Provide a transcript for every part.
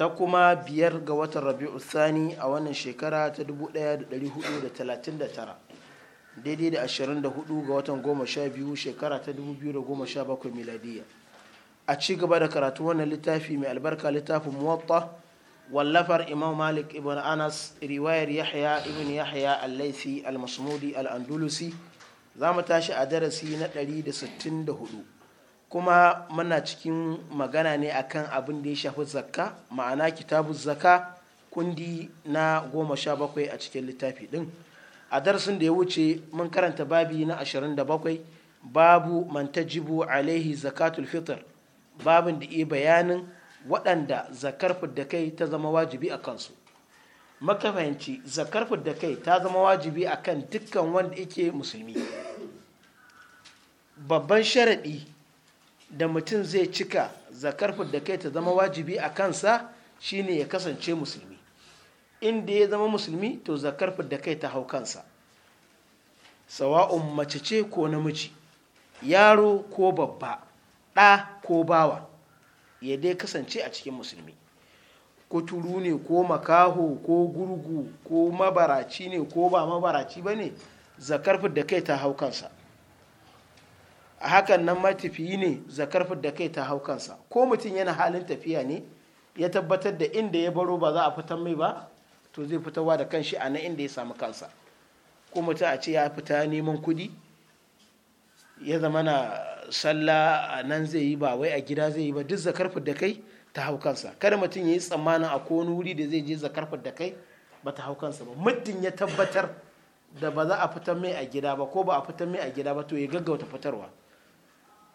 ta kuma biyar ga watan rabi'u sani a wannan shekara ta 1439 daidai da 24 ga watan 12 shekara ta 2017 miladiya a ci gaba da karatu wannan littafi mai albarka littafin muwatta wallafar imam malik ibn anas riwayar yahya ibn yahya al laifi al-masmudi al-andalusi za mu tashi a darasi na 164 kuma muna cikin magana ne akan abin da ya shafi zakka ma'ana kitabu zakka kundi na goma sha bakwai a cikin littafi ɗin a darasin da ya wuce mun karanta babi na ashirin da bakwai babu mantajibu alaihi zakatul fitr babin da iya bayanin waɗanda zakar da kai ta zama wajibi a kansu maka fahimci zakar da kai ta zama wajibi a kan dukkan wanda yake musulmi babban sharaɗi da mutum zai cika zakar da kai ta zama wajibi a kansa shine ya kasance musulmi inda ya zama musulmi to zakar da kai ta hau kansa sawa'un mace ce ko namiji yaro ko babba ɗa ko bawa ya dai kasance a cikin musulmi turu ne ko makaho ko gurgu ko mabaraci ne ko ba mabaraci ba ne zakar da kai ta hau kansa a hakan nan ma ne zakar da kai ta hau kansa ko mutum yana halin tafiya ne ya tabbatar da inda ya baro ba za a fitar mai ba to zai fitawa da kanshi a na inda ya samu kansa ko mutum a ce ya fita neman kudi ya zama na sallah a nan zai yi ba wai a gida zai yi ba duk zakar da kai ta hau kansa kada mutum ya yi tsammanin a wani wuri da zai je zakar da kai ba ta hau kansa ba muddin ya tabbatar da ba za a fitar mai a gida ba ko ba a fitar mai a gida ba to ya gaggauta fitarwa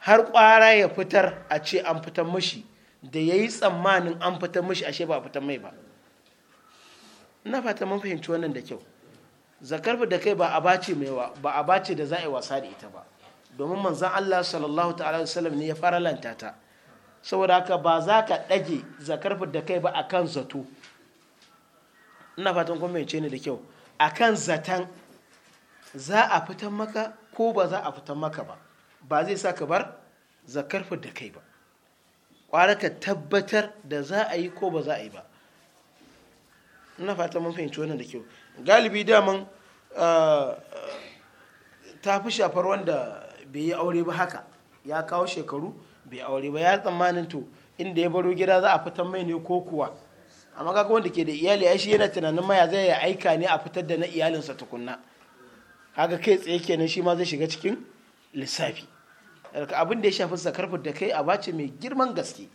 har kwara ya fitar a ce an fitar mashi da ya yi tsammanin an fitar mashi ashe ba a fitar mai ba ina fata mun fahimci wannan da kyau zakar da kai ba a bace mai ba a bace da za a yi wasa da ita ba domin manzan Allah sallallahu ta'ala wasallam ne ya fara lantata. saboda haka ba za ka ɗage zakar da kai ba akan zato ina fatan kun yace ne da kyau akan zatan za a fitar maka ko ba za a fitar maka ba ba zai sa ka bar zakar da kai ba ƙwara ka tabbatar da za a yi ko ba za a yi ba ina fata mun fahimci wannan da kyau galibi daman ah, ta fi shafar wanda bai yi aure ba haka ya kawo shekaru bai aure ba ya tsammanin to inda ya baro gida za a fitar mai ne ko kuwa amma kaga wanda ke da iyali ai shi yana tunanin maya zai ya aika ne a fitar da na iyalinsa tukunna haka kai tsaye kenan shi ma zai shiga cikin lissafi abin da ya shafi zakarfa da kai aba ce mai girman gaske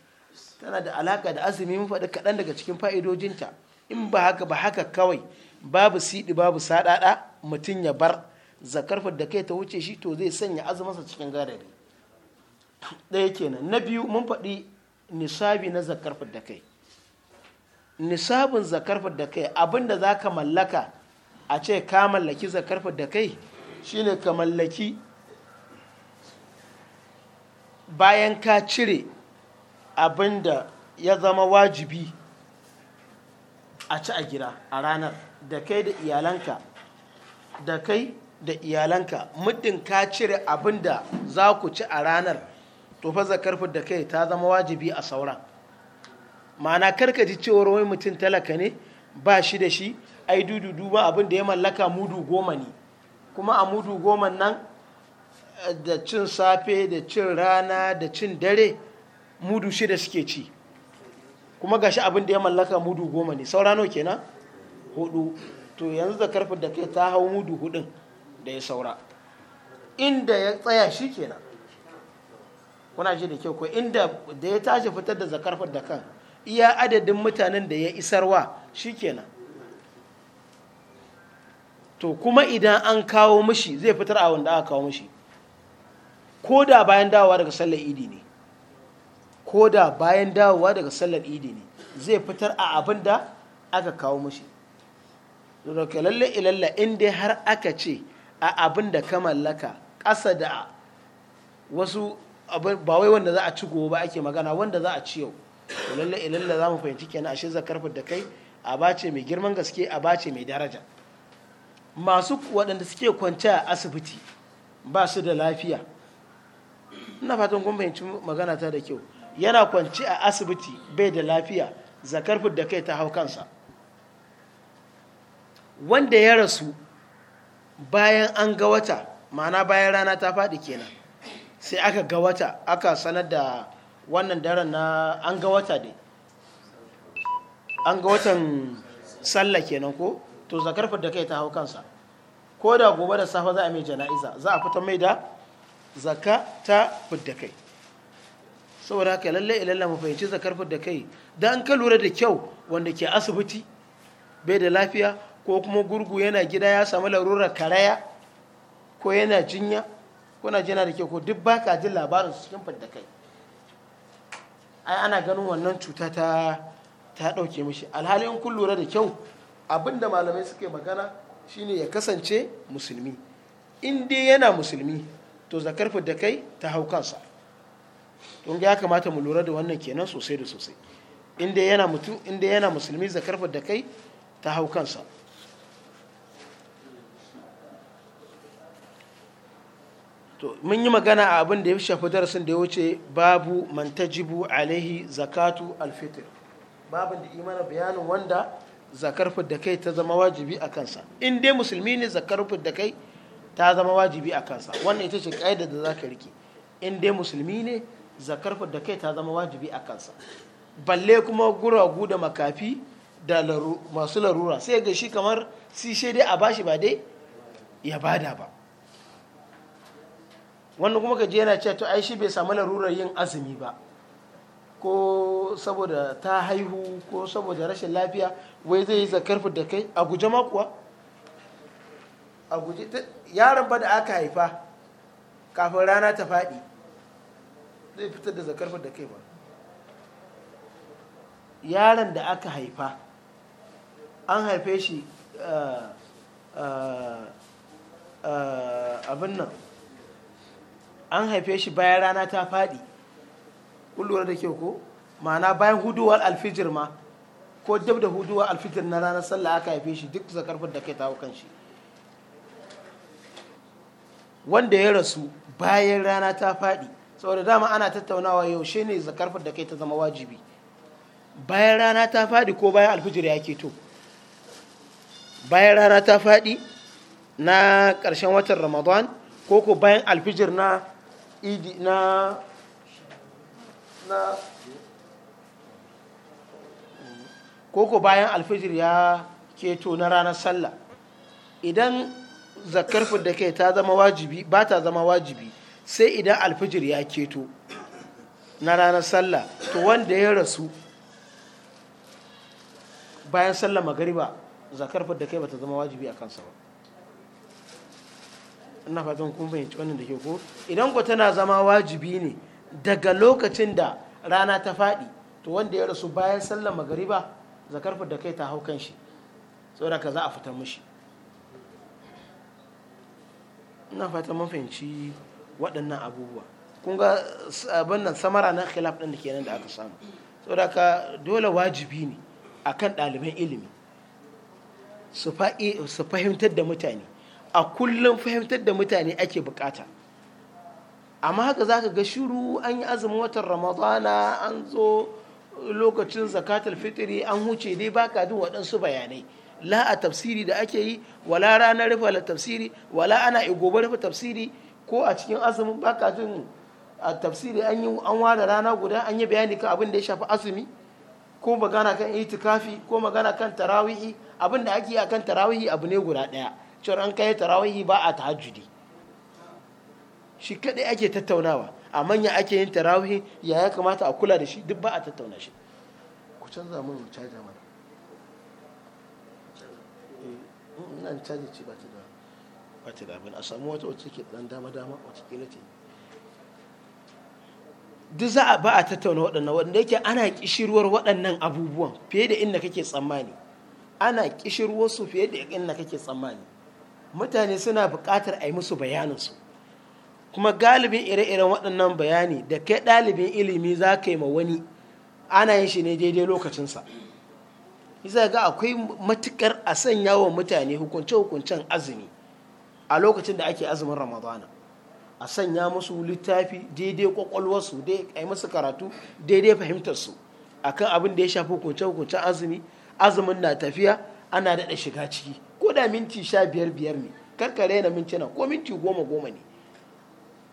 tana da alaka da azumi mun faɗi kaɗan daga cikin fa'idojinta in ba haka ba haka kawai babu siɗi babu saɗaɗa mutum ya bar zakarfa da kai ta wuce shi to zai sanya azumansa cikin gadari ɗaya kenan na biyu mun faɗi nisabi na zakarfa da kai nisabin zakarfa da kai abin da za ka mallaka a ce ka mallaki zakarfa da kai shine ka mallaki bayan ka cire abin da ya zama wajibi a ci a gira a ranar da kai da iyalanka da kai da iyalanka muddin ka cire abin da za ku ci a ranar to fa da kai ta zama wajibi a sauran ma'ana karka ji cewar wani mutum talaka ne ba shi da shi ai dudu duba abin da ya mallaka mudu goma ne kuma a mudu goma nan da cin safe da cin rana da cin dare mudu shida suke ci kuma gashi abin da ya mallaka mudu goma ne saura nawa kenan hudu to yanzu da karfin da kai ta hau mudu hudun da ya saura inda ya tsaya shi kenan kuna ji da kyau ko inda da ya tashi fitar da zakarfar da kan iya adadin mutanen da ya isarwa shi kenan to kuma idan an kawo mishi zai fitar a wanda aka kawo mishi ko da bayan dawowa daga sallar idi ne ko da bayan dawowa daga sallar idi ne zai fitar a abin da aka kawo mashi daga lalle ilalla in dai har aka ce a abin da ka mallaka ƙasa da wasu ba wai wanda za a ci gobe ake magana wanda za a ci yau lalle ilalla za mu fahimci kenan ashe zakar da kai a bace mai girman gaske a bace mai daraja masu waɗanda suke kwanci a asibiti ba su da lafiya ina fatan kun fahimci magana ta da kyau yana kwanci a asibiti bai da lafiya zakar da kai ta hau kansa wanda ya rasu bayan an ga wata ma'ana bayan rana ta faɗi kenan sai aka ga wata aka sanar da wannan daren na an ga wata dai an ga watan sallah kenan ko to zakar da kai ta hau kansa ko da gobe da safe za a mai jana'iza za a fita mai da zaka ta fidda kai saboda haka lalle ilalla mu fahimci zakar fidda kai dan ka lura da kyau wanda ke asibiti bai da lafiya ko kuma gurgu yana gida ya samu larura karaya ko yana jinya ko na jina da kyau ko duk baka jin labarin su cikin fidda kai ai ana ganin wannan cuta ta ta dauke mishi alhali in kun lura da kyau abinda malamai suke magana shine ya kasance musulmi in dai yana musulmi to zakar da kai ta hau kansa don ya kamata mu lura da wannan kenan sosai da sosai inda yana mutu inda yana musulmi zakar da kai ta hau kansa to mun yi magana a abin da ya shafi darasin da ya wuce babu mantajibu alaihi zakatu alfitr babin da imana bayanin wanda zakar da kai ta zama wajibi a kansa in dai musulmi ne zakar da kai ta zama wajibi a kansa wannan ita ce ƙa'ida da za ka rike in dai musulmi ne zakar da kai ta zama wajibi a kansa balle kuma guragu da makafi da masu larura sai ga shi kamar si dai a bashi ba dai ya bada ba wannan kuma kaji yana cewa to ai shi bai samu larurar yin azumi ba ko saboda ta haihu ko saboda rashin lafiya wai zai yi zakar da kai a guje ma kuwa a guji yaron ba da aka haifa kafin rana ta faɗi zai fitar da zakar da kai ba yaron da aka haifa an haife shi eh, eh, eh, abin nan an haife shi bayan rana ta faɗi kullum da ke ko ma'ana bayan huduwar alfijir ma ko dab da huduwar alfijir na ranar sallah aka haife shi duk zakarfar da kai ta kan shi wanda ya rasu bayan rana ta faɗi saboda dama ana tattaunawa yaushe ne zakar da kai ta zama wajibi bayan rana ta faɗi ko bayan alfijir ya keto bayan rana ta faɗi na ƙarshen watan ramadan ko ko bayan alfijir na idi na na ko ko bayan alfijir ya keto na ranar sallah idan zakar da kai ta zama wajibi ba ta zama wajibi sai idan alfijir ya keto na ranar sallah to wanda ya rasu bayan sallah magariba zakar da kai ba ta zama wajibi a kansa ba ina fatan kuma fahimci wannan da ke ko idan ku tana zama wajibi ne daga lokacin da rana ta faɗi to wanda ya rasu bayan sallah magariba zakar da kai ta hau kan shi saboda ka za a fitar mishi ina fata mun fahimci waɗannan abubuwa kun ga abin nan samara na khilaf ɗin da nan da aka samu saboda ka dole wajibi ne akan ɗaliban ilimi su fahimtar da mutane a kullum fahimtar da mutane ake bukata amma haka za ka ga shiru an yi azumin watan ramadana an zo lokacin zakatul fitiri an huce dai baka jin waɗansu bayanai la a tafsiri da ake yi wala ranar rufe la tafsiri wala ana gobe rufe tafsiri ko a cikin azumin baka jin a tafsiri an yi an ware rana guda an yi bayani kan abin da ya shafi azumi ko magana kan itikafi ko magana kan tarawihi abin da ake yi akan tarawihi abu ne guda daya cewar an kai tarawihi ba a tahajjudi shi kadai ake tattaunawa a manya ake yin tarawihi ya kamata a kula da shi duk ba a tattauna shi ku canza mun canza mana ina caji ce ba ta da a samu wata wacce ke dan dama dama wacce kila duk za a ba a tattauna waɗannan wanda yake ana kishirwar waɗannan abubuwan fiye da inda kake tsammani ana kishirwar su fiye da inda kake tsammani mutane suna buƙatar a yi musu bayaninsu kuma galibin ire-iren waɗannan bayani da kai ɗalibin ilimi za ka yi ma wani ana yin shi ne daidai lokacinsa isa ga akwai matukar a sanya wa mutane hukunce-hukuncen azumi a lokacin da ake azumin ramadana a sanya musu littafi daidai kwakwalwarsu da a yi musu karatu daidai fahimtarsu kan abin da ya shafi hukunce-hukuncen azumi azumin na tafiya ana daɗa shiga ciki ko da minti sha biyar biyar ne karkare na mintuna ko minti goma goma ne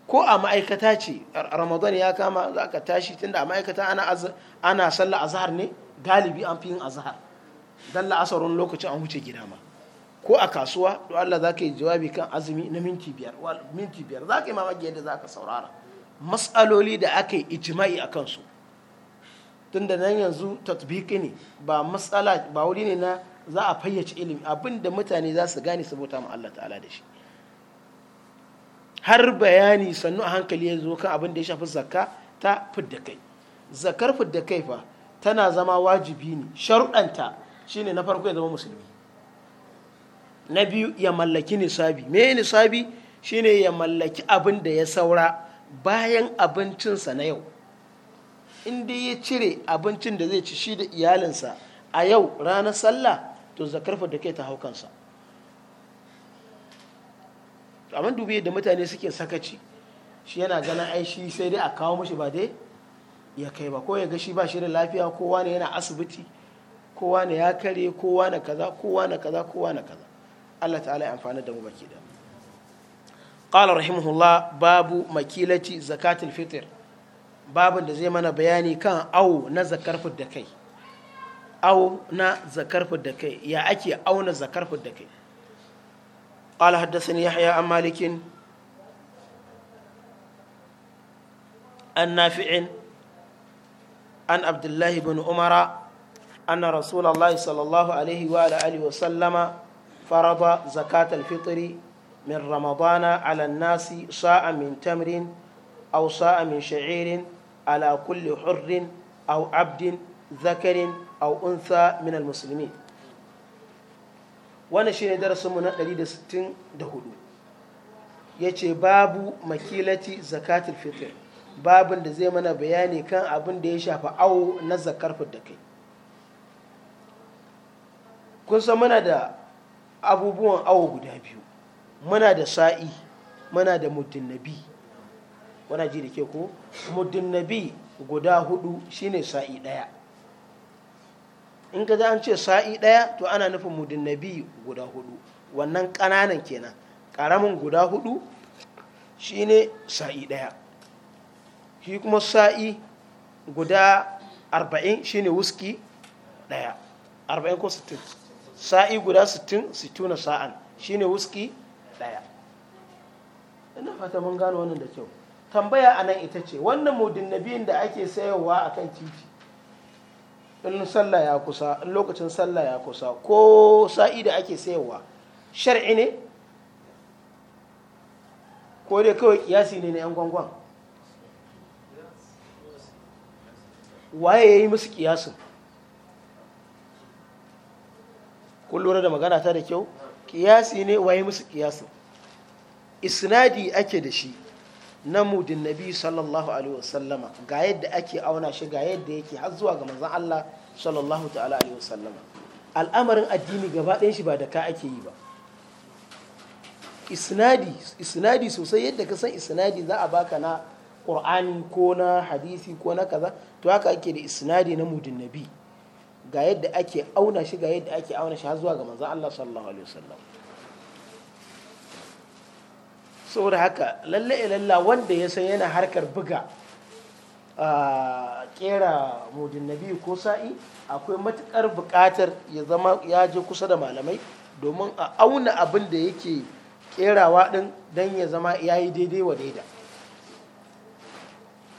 ko a ma'aikata ce ramadan ya kama za ka tashi tunda a ma'aikata ana sallah azhar ne galibi an fi yin azhar dan la'asarun lokacin an wuce gida ma ko a kasuwa to Allah za ka yi jawabi kan azumi na minti biyar minti biyar za ka yi mamaki yadda za ka saurara matsaloli da aka yi ijima'i a kansu tun da nan yanzu tatbiki ne ba matsala ba wuri ne na za a fayyace ilimi abinda mutane za su gane saboda mu Allah ta'ala da shi har bayani sannu a hankali ya zo kan abin da ya shafi zakka ta fidda kai zakkar fidda kai fa tana zama wajibi ne sharuɗanta Shi ne na farko ya zama musulmi na biyu ya mallaki nisabi me nisabi shine ya mallaki abin da ya saura bayan abincinsa na yau inda ya cire abincin da zai ci shi da iyalinsa a yau ranar sallah to zakarfa da kai ta haukansa amma dubi da mutane suke sakaci shi yana ganin aishi sai dai a kawo mashi ba dai ya kai ba ko ya ga shi ba shi da lafiya kowa ne yana asibiti kowa ne ya kare kowa na kaza kowa na kaza kowa na kaza Allah ta'ala ya amfani da mu baki da qala rahimahullah babu makilati zakatul fitr babin da zai mana bayani kan au na zakar da kai au na zakar da kai ya ake na zakar da kai Qala حدثني يحيى عن مالك عن نافع عن عبد الله بن عمر أن رسول الله صلى الله عليه وعلى وآله وسلم فرض زكاة الفطر من رمضان على الناس صاع من تمر أو صاع من شعير على كل حر أو عبد ذكر أو أنثى من المسلمين وانا شيني درس من الذي ستين دهولو يتي باب مكيلة زكاة الفطر باب da zai mana bayani kan abin da ya shafa au na zakar fidda kai kun san muna da abubuwan awo guda biyu muna da sa'i muna da muddin nabi wana ji da ke ko muddin nabi guda hudu shine sa'i daya in ka an ce sa'i daya to ana nufin muddin nabi guda hudu wannan kananan kenan karamin guda hudu shine sa'i daya shi kuma sa'i guda arba'in shine wuski daya arba'in ko sittin sa'i guda 60 60 sa'an shine wuski daya ina fata mun gano wannan da kyau tambaya a nan ita ce wannan mudin nabiyin da ake sayarwa a kan titi in sallah ya kusa in lokacin sallah ya kusa ko sa'i da ake sayarwa shar'i ne ko dai kawai kiyasi ne na 'yan gwangwan waye ya yi musu kiyasin kun lura da magana ta da kyau kiyasi ne waye musu kiyasi isnadi ake da shi na mudin nabi sallallahu alaihi wasallama ga yadda ake auna shi ga yadda yake har zuwa ga manzon Allah sallallahu ta'ala alaihi wasallama al'amarin addini gaba ɗayan shi ba da ka ake yi ba isnadi isnadi sosai yadda ka san isnadi za a baka na qur'ani ko na hadisi ko na kaza to haka ake da isnadi na mudin nabi ga yadda ake auna shi ga yadda ake auna shi har zuwa ga manzo Allah sallallahu alaihi wasallam saboda haka lalle e lalla wanda ya san yana harkar buga a kera mudin nabi ko sa'i akwai matukar buƙatar ya zama ya je kusa da malamai domin a auna abin da yake kerawa din dan ya zama ya yi daidai wa daida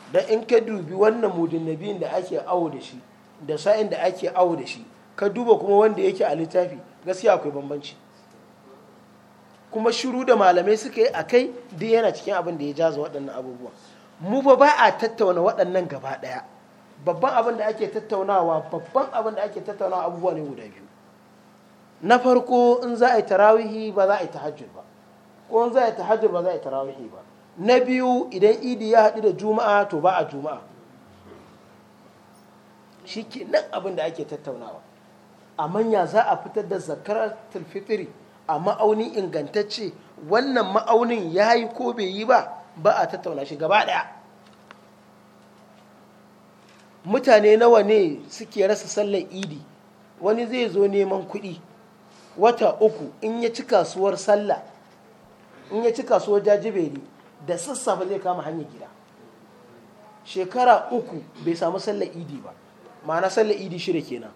Dan in ka dubi wannan mudin nabi da ake awo da shi da sa'in da ake awo da shi ka duba kuma wanda yake a littafi gaskiya akwai bambanci kuma shiru da malamai suka yi a kai duk yana cikin abin da ya jaza waɗannan abubuwa mu ba ba a tattauna waɗannan gaba ɗaya babban abin da ake tattaunawa babban abin da ake tattaunawa abubuwa ne guda biyu na farko in za a yi tarawihi ba za a yi tahajjud ba ko in za a yi tahajjud ba za a yi tarawihi ba na biyu idan idi ya haɗu da juma'a to ba a juma'a shi ke nan abin da ake tattaunawa a manya za a fitar da zakarar fitri a ma'aunin ingantacce wannan ma'aunin ya yi ko bai yi ba ba a tattauna shi gaba ɗaya mutane nawa ne suke rasa sallar idi wani zai zo neman kuɗi wata uku in ya ci kasuwar sallah in ya ci kasuwar jajibeli da sassafe zai kama hanyar gida shekara uku bai samu sallar idi ba ma'ana sallar idi shida kenan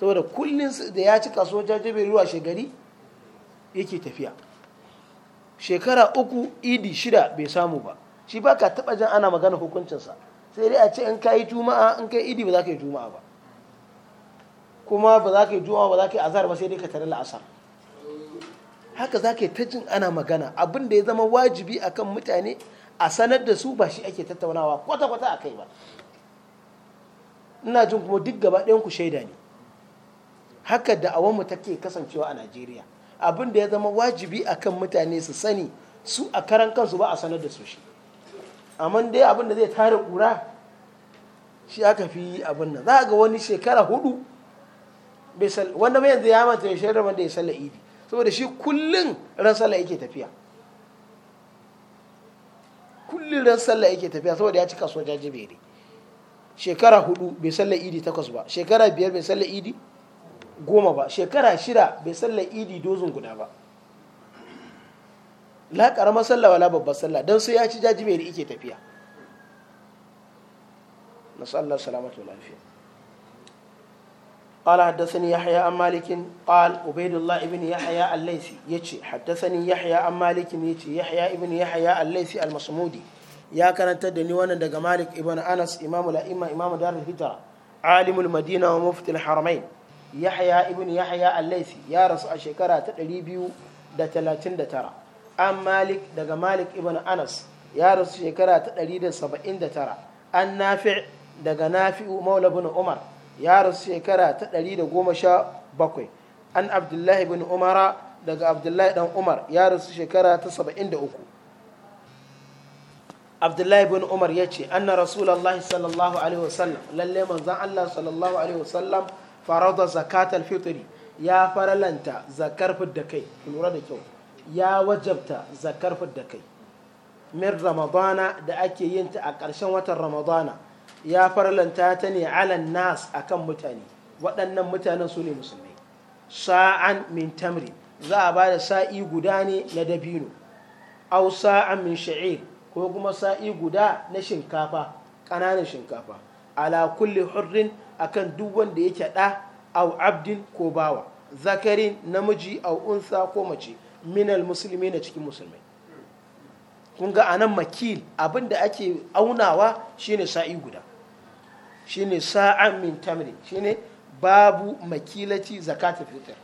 saboda kullum da ya ci kaso jajabe ruwa shegari yake tafiya shekara uku idi shida bai samu ba shi ba ka taɓa jan ana magana hukuncinsa sai dai a ce in ka yi juma'a in ka yi idi ba za ka yi juma'a ba kuma ba za ka yi juma'a ba za ka yi azar ba sai dai ka tare la'asar haka za ka yi ta jin ana magana abin da ya zama wajibi akan mutane a sanar da su ba shi ake tattaunawa kwata-kwata a kai ba ina jin kuma duk gaba ɗayan ku shaida ne haka da mu take kasancewa a Najeriya abin da ya zama wajibi akan mutane su sani su a karan kansu ba a sanar da su shi amma dai abin da zai tare kura shi aka fi abin nan za ga wani shekara hudu wanda mai yanzu ya mata ya shaidar wanda ya sallar idi saboda shi kullum ran sallah yake tafiya kullum ran sallah yake tafiya saboda ya ci kasuwar jajibere shekara hudu bai sallar idi takwas ba shekara biyar bai sallar idi goma ba shekara shida bai sallar idi dozin guda ba la karama sallah wala babbar sallah dan sai ya ci jaji mai yake tafiya nasu Allah salamatu lafiya قال حدثني يحيى عن مالك قال عبيد الله ابن يحيى الليثي Yahya حدثني يحيى عن مالك Ibn يحيى ابن يحيى الليثي المصمودي ya karanta da ni wannan daga malik ibn anas imamu la'imma dar darul hijra alimul madina wa muftil haramain yahya ibn yahya al-laisi ya rasu a shekara ta 239 an malik daga malik ibn anas ya rasu shekara ta 179 an nafi daga nafi'u maula bin umar ya rasu shekara ta 117 an abdullahi ibn umara daga abdullahi dan umar ya rasu shekara ta 73 abdullahi bin umar ya ce anna rasulallah sallallahu alaihi wasallam lalle manzan allah sallallahu alaihi wasallam farauta zakatal fitri ya faralanta zakar fidda kai lura da kyau ya wajabta zakar fidda kai min ramadana da ake yin ta a ƙarshen watan ramadana ya faralanta ta ne alan nas akan mutane waɗannan mutanen su ne musulmai sa'an min tamri za a ba da sa'i guda ne na dabino au sa'an min sha'ir ko kuma sa'i guda na shinkafa ƙananan shinkafa ala kulli hurrin akan duk wanda yake ɗa au abdin ko bawa zakarin namiji au unsa ko mace minal musulmi na cikin musulmi. kun ga anan makil abinda ake aunawa shine sa'i guda shine sa'an min tamri shine babu makilaci zakatul fitr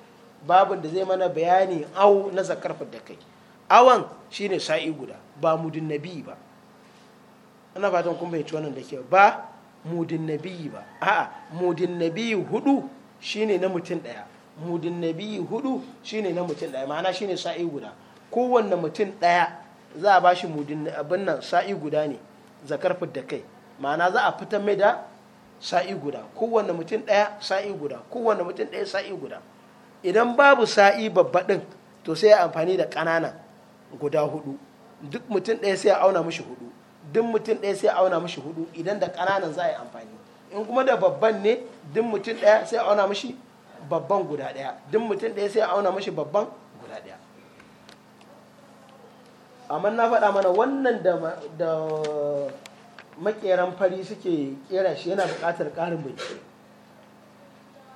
babu da zai mana bayani au na zakar da kai awan shine sa'i guda ba mudin nabi ba ana fatan kun bayyace wannan da ke ba mudin nabi ba a'a mudin nabi hudu shine na mutum daya mudin nabi hudu shine na mutum daya ma'ana shine sa'i guda kowanne mutum daya za a bashi mudin abin nan sa'i guda ne zakar da kai ma'ana za a fitar mai da sa'i guda kowanne mutum daya sa'i guda kowanne mutum daya sa'i guda idan babu sa'i babba din to sai amfani da ƙanana guda hudu duk mutum ɗaya sai auna mashi hudu duk mutum ɗaya sai auna mashi hudu idan da ƙananan za a yi amfani in kuma da babban ne duk mutum ɗaya sai auna mashi babban guda ɗaya duk mutum ɗaya sai auna mashi babban guda ɗaya amma na faɗa mana wannan da makeran fari suke kera shi yana buƙatar ƙarin bincike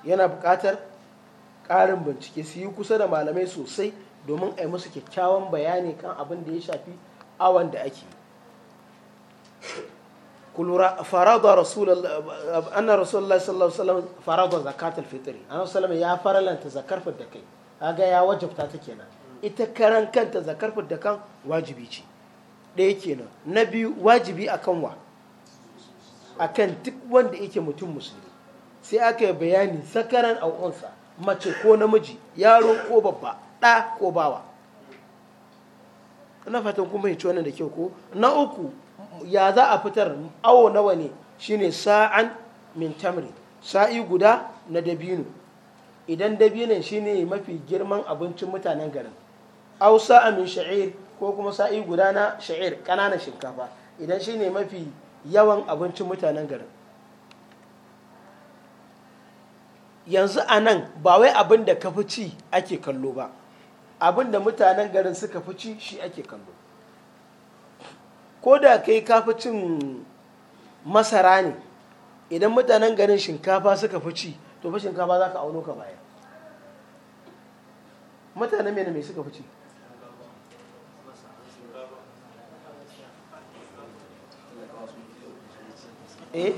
yana buƙatar ƙarin bincike su yi kusa da malamai sosai domin a yi musu kyakkyawan bayani kan abin da ya shafi awan da ake kulura farada rasulullah anna rasulullah sallallahu alaihi wasallam farada zakatul fitri anna sallama ya faralanta zakar da kai kaga ya wajabta ta kenan ita karan kanta zakar da kan wajibi ce ɗaya kenan na biyu wajibi akan wa akan duk wanda yake mutum musulmi sai aka yi bayani sakaran a mace ko namiji yaro ko babba ɗa ko bawa ina fatan kun fahimci wannan da kyau ko na uku ya za a fitar awo nawa ne shine sa'an min tamri sa'i guda na dabino idan dabinon shine mafi girman abincin mutanen garin au sa'a min sha'ir ko kuma sa'i guda na sha'ir ƙananan shinkafa idan shine mafi yawan abincin mutanen garin yanzu a nan ba wai abin da ka fi ci ake kallo ba abin da mutanen garin suka fi ci shi ake kallo ko da kai kafi cin masara ne idan mutanen garin shinkafa suka fi ci to fa shinkafa za ka auno ka baya mutanen mai mai suka fi ci eh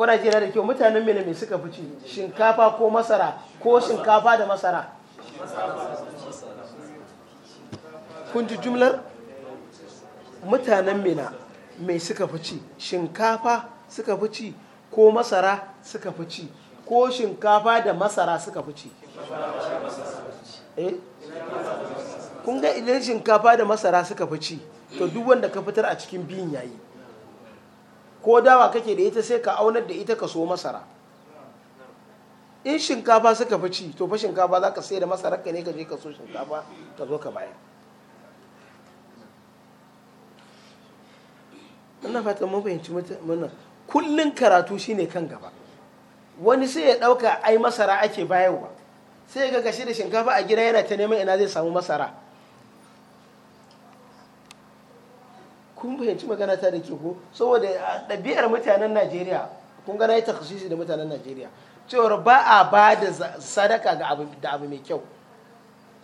kuna jira da kyau mutanen mene mai suka fice shinkafa ko masara ko shinkafa da masara kun ji jumlar mutanen mina mai suka fice shinkafa suka fice ko masara suka fice ko shinkafa da masara suka fice eh kun ga idan shinkafa da masara suka fice to duk wanda ka fitar a cikin biyun yayi ko dawa kake da ita sai ka aunar da ita ka so masara in shinkafa suka fi ci to fa shinkafa za ka sai da masarar ka ne ka je ka so shinkafa ka zo ka baya. ina fata mun fahimci mana kullun karatu shine kan gaba wani sai ya dauka ai masara ake bayarwa sai ya ga gashi da shinkafa a gida yana ta neman ina zai samu masara kun fahimci magana ta da ke ko saboda ɗabi'ar mutanen najeriya kun gana ya takhasisi da mutanen najeriya cewar ba a ba da sadaka da abu mai kyau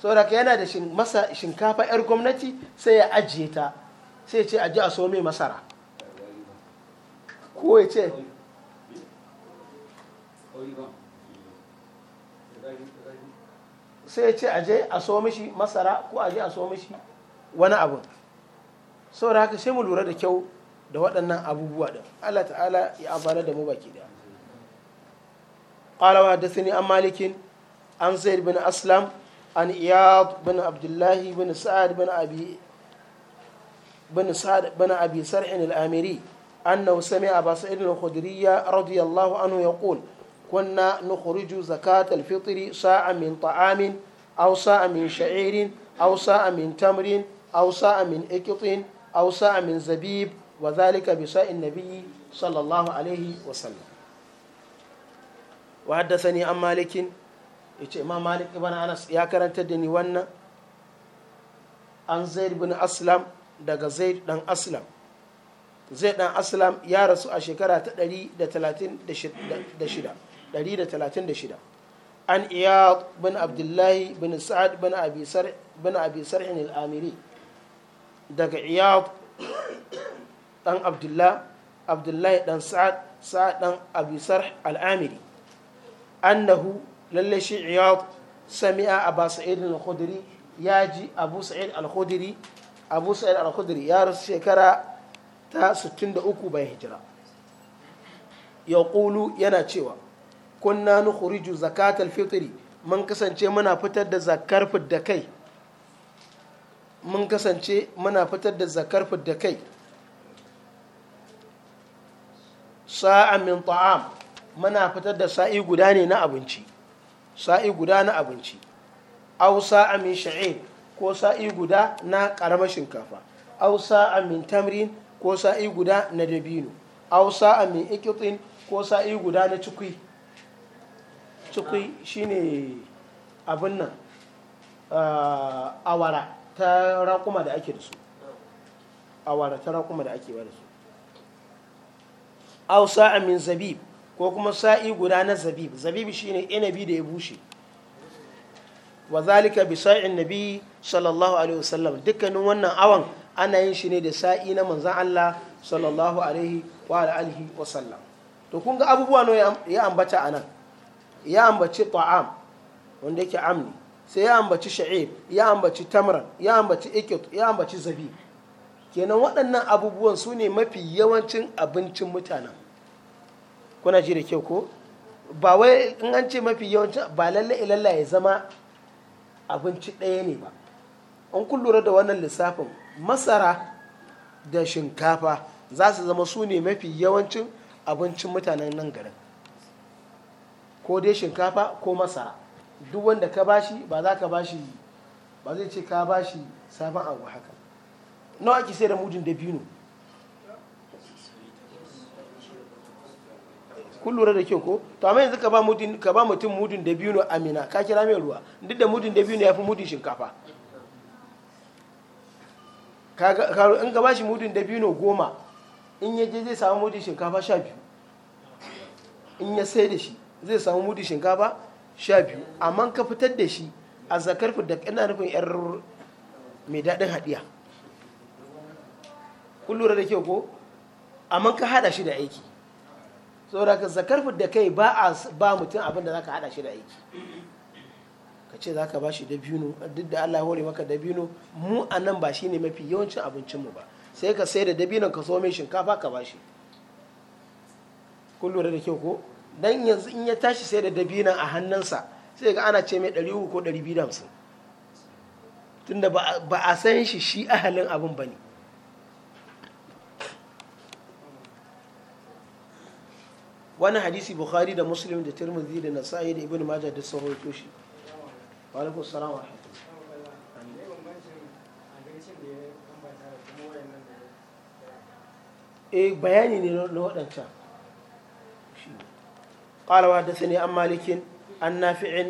saboda ka yana da shinkafa yar gwamnati sai ya ajiye ta sai ce aje a so mai masara ko ya ce sai ya ce aje a so mishi masara ko aje a so mishi wani abu saboda haka sai mu lura da kyau da waɗannan abubuwa ɗin Allah ta'ala ya amfana da mu baki da qala wa hadathani an malikin an zaid bin aslam an iyad bin Abdullahi bin sa'ad bin abi bin sa'ad bin abi al-amiri annahu sami'a aba sa'id al-khudri radiyallahu anhu yaqul kunna نخرج زكاة الفطر ساعة من طعام أو ساعة من شعير أو ساعة من تمر أو ساعة Hausa sa'a min zabib wa zalika bi sallallahu alaihi wa sallam wa haddathani an malikin yace ya karanta da ni wannan an zaid bin aslam daga zaid dan aslam zaid dan aslam ya rasu a shekara ta 136 an iyad bin abdullahi bin sa'ad bin abi sarh al-amiri daga iyad dan abdullah abdullahi dan sa'ad sa'ad dan abi sarh al annahu lalle shi iyad sami'a abu sa'id al-khudri ya ji abu sa'id al-khudri abu sa'id al-khudri ya rasu shekara ta 63 bayan hijira ya ƙulu yana cewa kunna nukhriju zakatal fitri mun kasance muna fitar da zakar da kai mun kasance muna fitar da zakar da kai sa'a min ta'am muna fitar da sa'i guda ne na abinci sa'i guda na abinci au sa'a min sha'in ko sa'i guda na ƙaramar shinkafa au sa'a min tamrin ko sa'i guda na dabino au sa'a min ikitin ko sa'i guda na cikui cikui shine abin nan ah, awara ta raƙuma da ake da su awara ta raƙuma da ake da su aw sa'a min zabib ko kuma sa'i guda na zabib zabib shine inabi da ya bushe wa zalika bi sa'in nabi sallallahu alaihi wasallam dukkanin wannan awan ana yin shi ne da sa'i na manzon Allah sallallahu alaihi wa alihi wasallam to kun ga abubuwa ne ya ambata anan ya ambaci ta'am wanda yake amni sai ya ambaci sha'ir ya ambaci tamran ya ambaci ikit ya ambaci zabi kenan waɗannan abubuwan su ne mafi yawancin abincin mutanen kuna ji da kyau ko ba wai in an ce mafi yawancin ba lalle ilalla ya zama abinci ɗaya ne ba an kun lura da wannan lissafin masara da shinkafa za su zama su ne mafi yawancin abincin mutanen nan garin ko dai shinkafa ko masara duk wanda ka bashi ba za ka bashi ba zai ce ka bashi sabon abu haka na ake sai da mudun da biyu kun lura da kyau ko to amma yanzu ka ba mutum mudin da biyu amina ka kira mai ruwa duk da mudin da biyu ya fi mudin shinkafa in ka bashi mudin da biyu goma in ya je zai samu mudin shinkafa sha biyu in ya sai da shi zai samu mudin shinkafa sha biyu amma ka fitar da shi a zakar da ina nufin yar mai daɗin haɗiya kun lura da kyau ko amma ka haɗa shi da aiki saboda ka zakar da kai ba a ba mutum abin da ka haɗa shi da aiki ka ce za ka ba shi dabino duk da Allah hore maka dabino mu a nan ba shi ne mafi yawancin abincinmu ba sai ka sai da dabinon ka so mai shinkafa ka ba shi kun lura da kyau ko dan yanzu in ya tashi sai da dabina a hannunsa sai ga ana ce mai uku ko biyu 250 tunda ba a san shi shi ahalin abin ba ne wani hadisi bukhari da muslim da tirmidhi da nasa'i da ibn majah da sun rawaito shi wa alaikum wa eh bayani ne na waɗancan قال وحدثني عن مالك عن نافع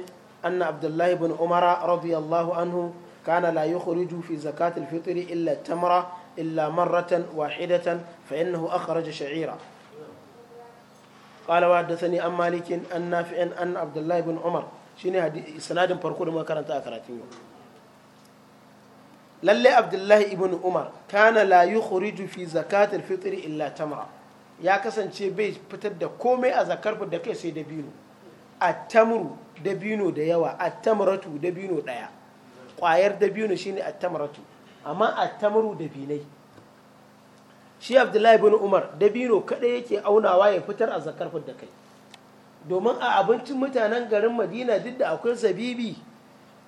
أن عبد الله بن عمر رضي الله عنه كان لا يخرج في زكاة الفطر إلا التمرة إلا مرة واحدة فإنه أخرج شعيرا قال وحدثني عن مالك عن نافع أن عبد الله بن عمر شنو سناد فرقود ما كانت أكراتين للي عبد الله بن عمر كان لا يخرج في زكاة الفطر إلا تمرة ya kasance bai fitar da komai a zakar da kai sai dabino a tamuru dabino da yawa a attamratu dabino ɗaya kwayar dabino shine tamaratu amma a attamru dabinai shi abdullahi bin umar dabino kaɗai yake aunawa ya fitar a zakar da kai domin a abincin mutanen garin madina duk da akwai zabibi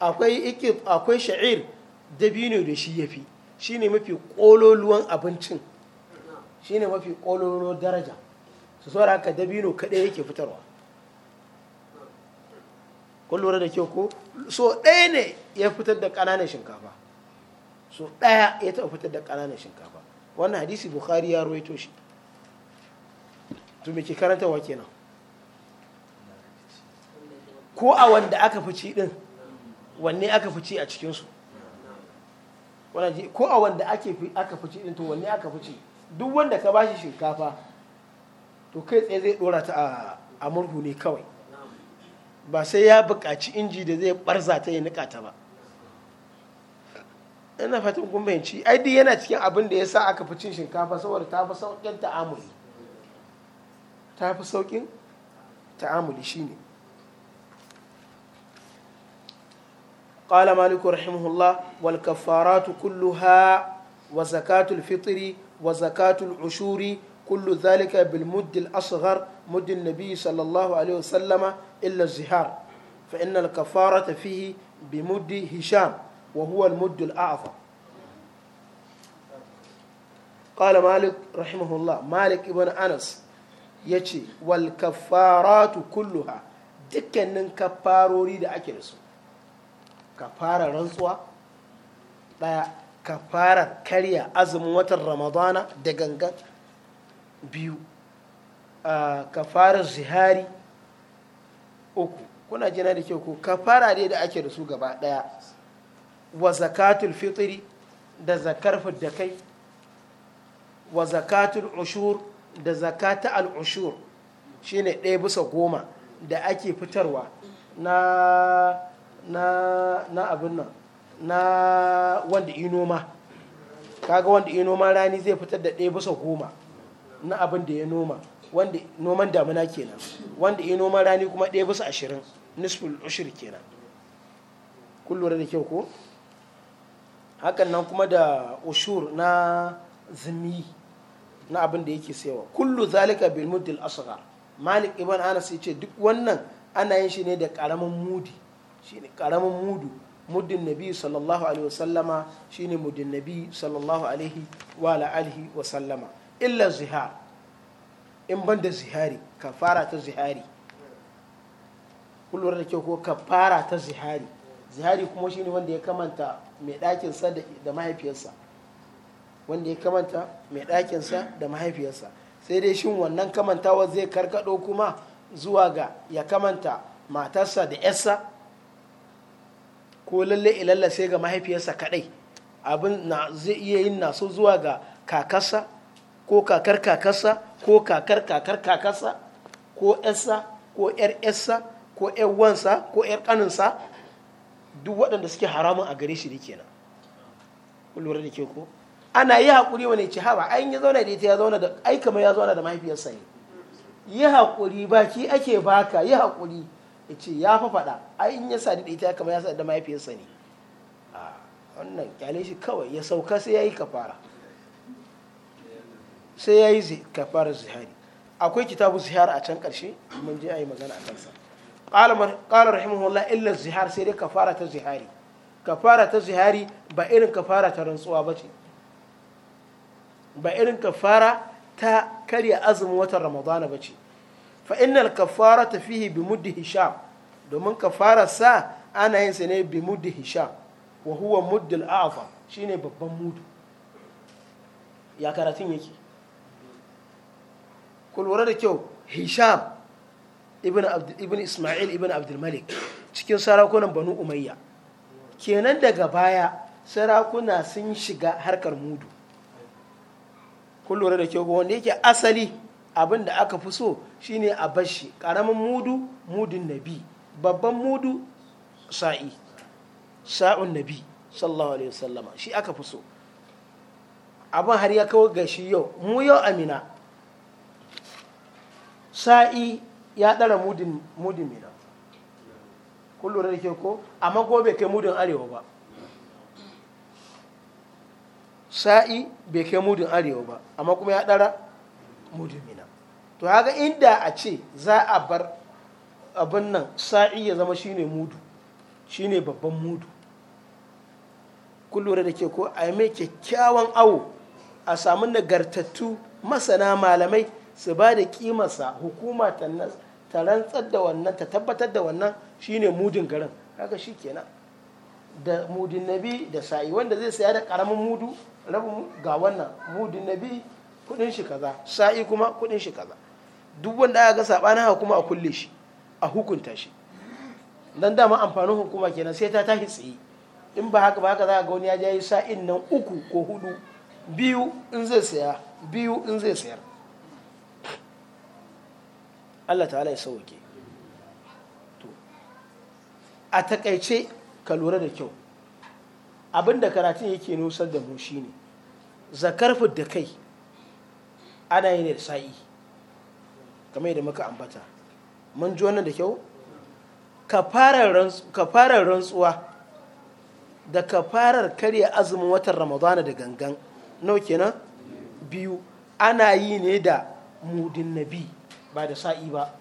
akwai ikif akwai sha'ir dabino da shi yafi shine mafi kololuwan abincin shine mafi kololo daraja su saboda haka dabino kaɗai yake fitarwa kun da kyau ko so ɗaya ne ya fitar da ƙananan shinkafa so ɗaya ya taɓa fitar da ƙananan shinkafa wannan hadisi bukhari ya roito shi tumiki me ke karantarwa kenan ko a wanda aka fi ci ɗin wanne aka fi ci a cikinsu ko a wanda aka fi ci ɗin to wanne aka fi ci duk wanda ka ba shi shinkafa to kai tsaye zai dora ta a murhu ne kawai ba sai ya buƙaci inji da zai barza ta ya nika ta ba ina fatan kun bayanci ai duk yana cikin abin da ya sa aka fi cin shinkafa saboda ta fi sauƙin ta'amuli ta fi sauƙin ta'amuli shine قال مالك رحمه الله والكفارات كلها وزكاة الفطر وزكاة العشور كل ذلك بالمد الأصغر مد النبي صلى الله عليه وسلم إلا الزهار فإن الكفارة فيه بمد هشام وهو المد الأعظم قال مالك رحمه الله مالك ابن أنس يتي والكفارات كلها dukkanin kafarori da ake da su kafarar rantsuwa ɗaya ka fara karya azumin watan ramadana da gangan biyu ka fara zihari uku kuna jina da kyau ko ka fara dai da ake da su gaba daya wa zakatul fitri da zakar da kai wa zakatul ushur da zakata al-ushur shine ɗaya bisa goma da ake fitarwa na abin nan na wanda yi noma kaga wanda yi noma rani zai fitar da ɗaya bisa goma na abin da ya noma wanda noman damuna kenan wanda yi noma rani kuma ɗaya bisa ashirin nisful ushir kenan kun da kyau ko hakan nan kuma da ushur na zumi na abin da yake sayawa kullu zalika bil muddil asghar malik ibn anas yace duk wannan ana yin shi ne da karamin mudi ne karamin mudu muddin nabi sallallahu alaihi wasallama shine muddin nabi sallallahu alaihi wa alihi wasallama sallama illa zihar in ban da zihari kafara ta zihari kullum da ke ko kafara ta zihari zihari kuma shine wanda ya kamanta mai ɗakinsa da mahaifiyarsa wanda ya kamanta mai ɗakinsa da mahaifiyarsa sai dai shin wannan kamantawa zai karkado kuma zuwa ga ya kamanta matarsa da yarsa ko lalle ilalla sai ga mahaifiyarsa kadai abin na zai iya yin naso zuwa ga kakasa, ko kakar kakarsa ko kakar kakar kakarsa ko yarsa ko yar yarsa ko yar wansa ko yar kaninsa duk waɗanda suke haramun a gare shi kenan lura da ke ko ana yi haƙuri wani ci haba ai ya zauna da ita ya zauna da ai kamar ya zauna da mahaifiyarsa ne yi haƙuri baki ake baka yi haƙuri ya ce ya fa faɗa ai in ya sadu da ita kamar ya sadu da mahaifiyarsa ne a wannan kyale shi kawai ya sauka sai ya yi kafara sai ya yi kafara zihari akwai kitabu zihar a can ƙarshe mun je a yi magana a kansa ƙalar rahimahullah illa zihar sai dai kafara ta zihari kafara ta zihari ba irin kafara ta rantsuwa ba ce ba irin kafara ta karya azumin watan ramadana ba ce fa innal kafarata fihi bi muddi hisham domin sa ana yin sa ne bi muddi hisham wa huwa muddul a'fa shine babban mudu ya karatun yake ku da kyau hisham ibn ismail ibn abdulmalik cikin sarakunan banu umayya kenan daga baya sarakuna sun shiga harkar mudu kun lura da kyau wanda yake asali abin da aka fi so shine a bashi ƙaramin mudu mudun nabi babban mudu sa'i sa'un nabi sallallahu alaihi wasallama shi aka fi so abin har ya kawo ga shi yau mu yau amina sa'i ya ɗara mudin mina kun lura da ke ko amma ko bai kai mudin arewa ba sa'i bai kai mudin arewa ba amma kuma ya ɗara mudin mina to haka inda a ce za a bar abin nan sa'i ya zama shine mudu shine babban mudu kun da ke ko a yi mai kyakkyawan awo a samu nagartattu masana malamai su ba da kimarsa hukuma ta rantsar da wannan ta tabbatar da wannan shine mudin garin haka shi kenan da mudin nabi da sa'i wanda zai saya da karamin mudu rabin ga wannan mudin nabi kudin shi kaza sa'i kuma kudin shi kaza duk wanda aka ga sabanin haka kuma a kulle shi a hukunta shi dan dama amfanin hukuma kenan sai ta tashi tsaye in ba haka ba haka za ka ga wani ya je yi sa'in nan uku ko hudu biyu in zai saya biyu in zai sayar Allah ta'ala ya sauke to a takaice ka lura da kyau abinda karatun yake nusar da mu shine zakar da kai ana yin sa'i kamar da muka ambata mun ji wannan da kyau kafarar rantsuwa da kafarar karya azumin watan ramadana da gangan nau kenan biyu ana yi ne da mudin nabi ba da sa'i ba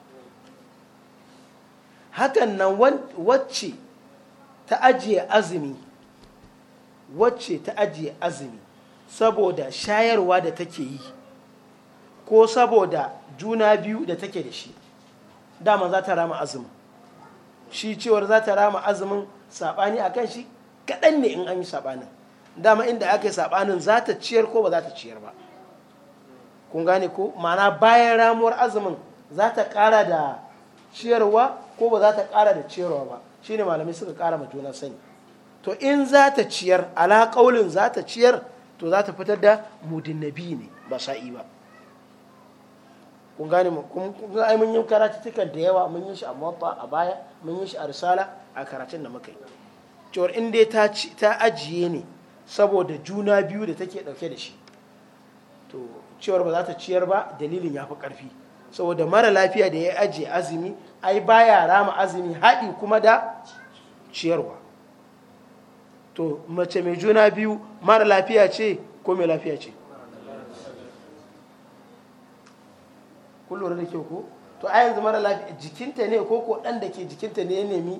hakan nan wacce ta ajiye azumi wacce ta ajiye azumi saboda shayarwa da take yi ko saboda juna biyu da take da shi dama za ta rama azumin shi cewar za ta rama azumin saɓani a kan shi kaɗan ne in an yi saɓanin dama inda aka yi saɓanin za ta ciyar ko ba za ta ciyar ba kun gane ko mana bayan ramuwar azumin za ta ƙara da ciyarwa ko ba za ta ƙara da ciyarwa ba shi ne malamai suka ƙara ma juna sani to in za ta ciyar ala ƙaulin za ta ciyar to za ta fitar da mudin nabi ne ba sa'i ba kun gane kun ai mun yi karatuttukan da yawa mun yi shi a mawata a baya mun yi shi a risala a karatun da muka yi cewar in dai ta ajiye ne saboda juna biyu da take dauke da shi to cewar ba za ta ciyar ba dalilin ya fi karfi saboda mara lafiya da ya ajiye azumi ai baya rama azumi haɗi kuma da ciyarwa to mace mai juna biyu mara lafiya ce ko mai lafiya ce kun da kyau ko to a yanzu mara lafiya jikinta ne ko ko dan da ke jikinta ne ya nemi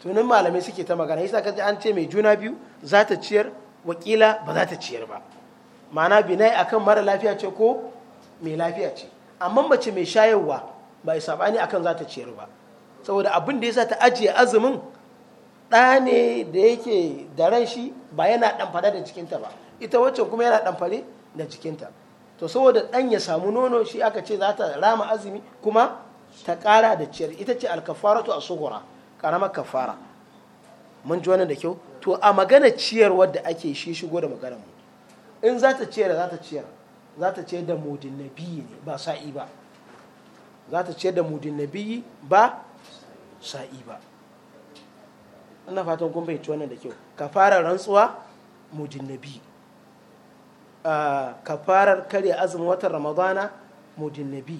tunin malamai suke ta magana yasa kaji an ce mai juna biyu za ta ciyar wakila ba za ta ciyar ba ma'ana binai akan mara lafiya ce ko mai lafiya ce amma mace mai shayarwa ba ne akan za ta ciyar ba saboda abin da yasa ta ajiye azumin ɗa ne da yake da ran shi ba yana ɗamfare da jikinta ba ita wacce kuma yana ɗamfare da jikinta to saboda ɗan ya samu nono shi aka ce za ta rama azumi kuma ta ƙara da ciyar ita ce alkafaratu a sugura ƙaramar kafara mun ji wannan da kyau to a magana ciyar wadda ake shi shigo da magana mu in za ta ciyar za ta ciyar za ta ciyar da mudin nabiyi ne ba sa'i ba za ta ciyar da mudin nabiyi ba sa'i ba ina fatan kun bai ci wannan da kyau ka fara rantsuwa mudin nabiyi kafarar karya azumin watan ramadana mudinnabi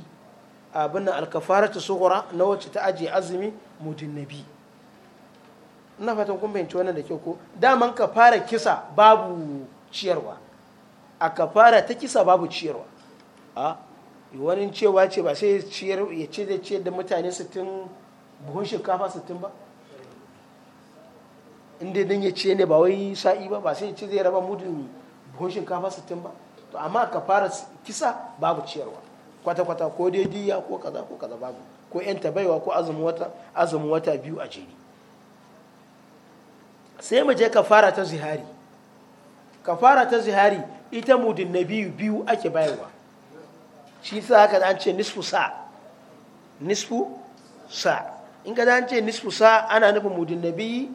abin nan ta sughra na wacce ta ajiye azumi mudinnabi ina fatan kun fahimci wannan da kyau ko daman kafara kisa babu ciyarwa a kafara ta kisa babu ciyarwa a wani cewa ce ba sai ya ce da ciyar da mutane sittin, buhun shinkafa sittin ba inda dan ya ce ne ba wai sa'i ba ba sai ya ce zai raba mudun buhun shinkafa sittin ba to amma ka fara kisa babu ciyarwa kwata-kwata ko dai diya ko kaza ko kaza babu ko yan tabaiwa ko azumin wata wata biyu a jeri sai mu je kafara ta zihari kafara ta zihari ita mudin na biyu biyu ake bayarwa shi sa haka an ce nisfu sa nisfu sa in ka an ce nisfu sa ana nufin mudin na biyu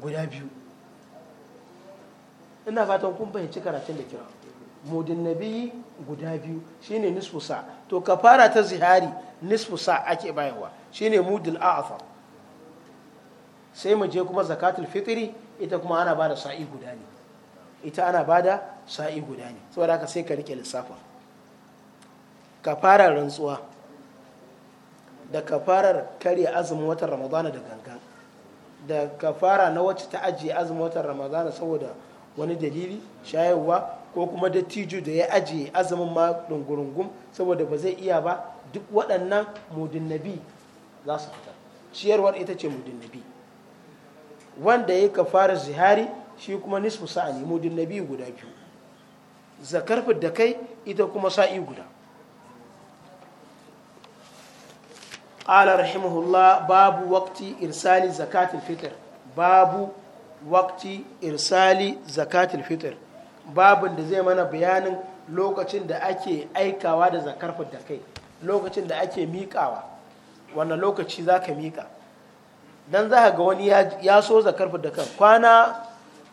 guda biyu ina fatan kun fahimci karatun da kira mudin biyu guda biyu shine nisfu sa to kafara ta zihari nisfu sa ake bayarwa shine mudin a'afar sai mu je kuma zakatul fitiri. ita kuma ana bada sa'i guda ne ita ana bada sa'i guda ne saboda haka sai ka rike lissafa Kafara rantsuwa da fara karya azumin watan ramadana da gangan da kafara na wacce ta ajiye azumin watan ramadana saboda wani dalili shayarwa ko kuma dattijo da ya ajiye azumin ma dungurungun saboda ba zai iya ba duk waɗannan mudin nabi za su fita ciyarwar ita ce mudin nabi wanda ya ka fara zihari shi kuma nisfu sa'ani mudin nabi guda biyu zakar da kai ita kuma sa'i guda ala rahimahullah babu باب irsali zakatin fitar babu. wakti irsali zakatul fitr babin da zai mana bayanin lokacin da ake aikawa da zakar da kai lokacin da ake miƙawa wannan lokaci za ka miƙa don za ga wani ya so zakar da kai kwana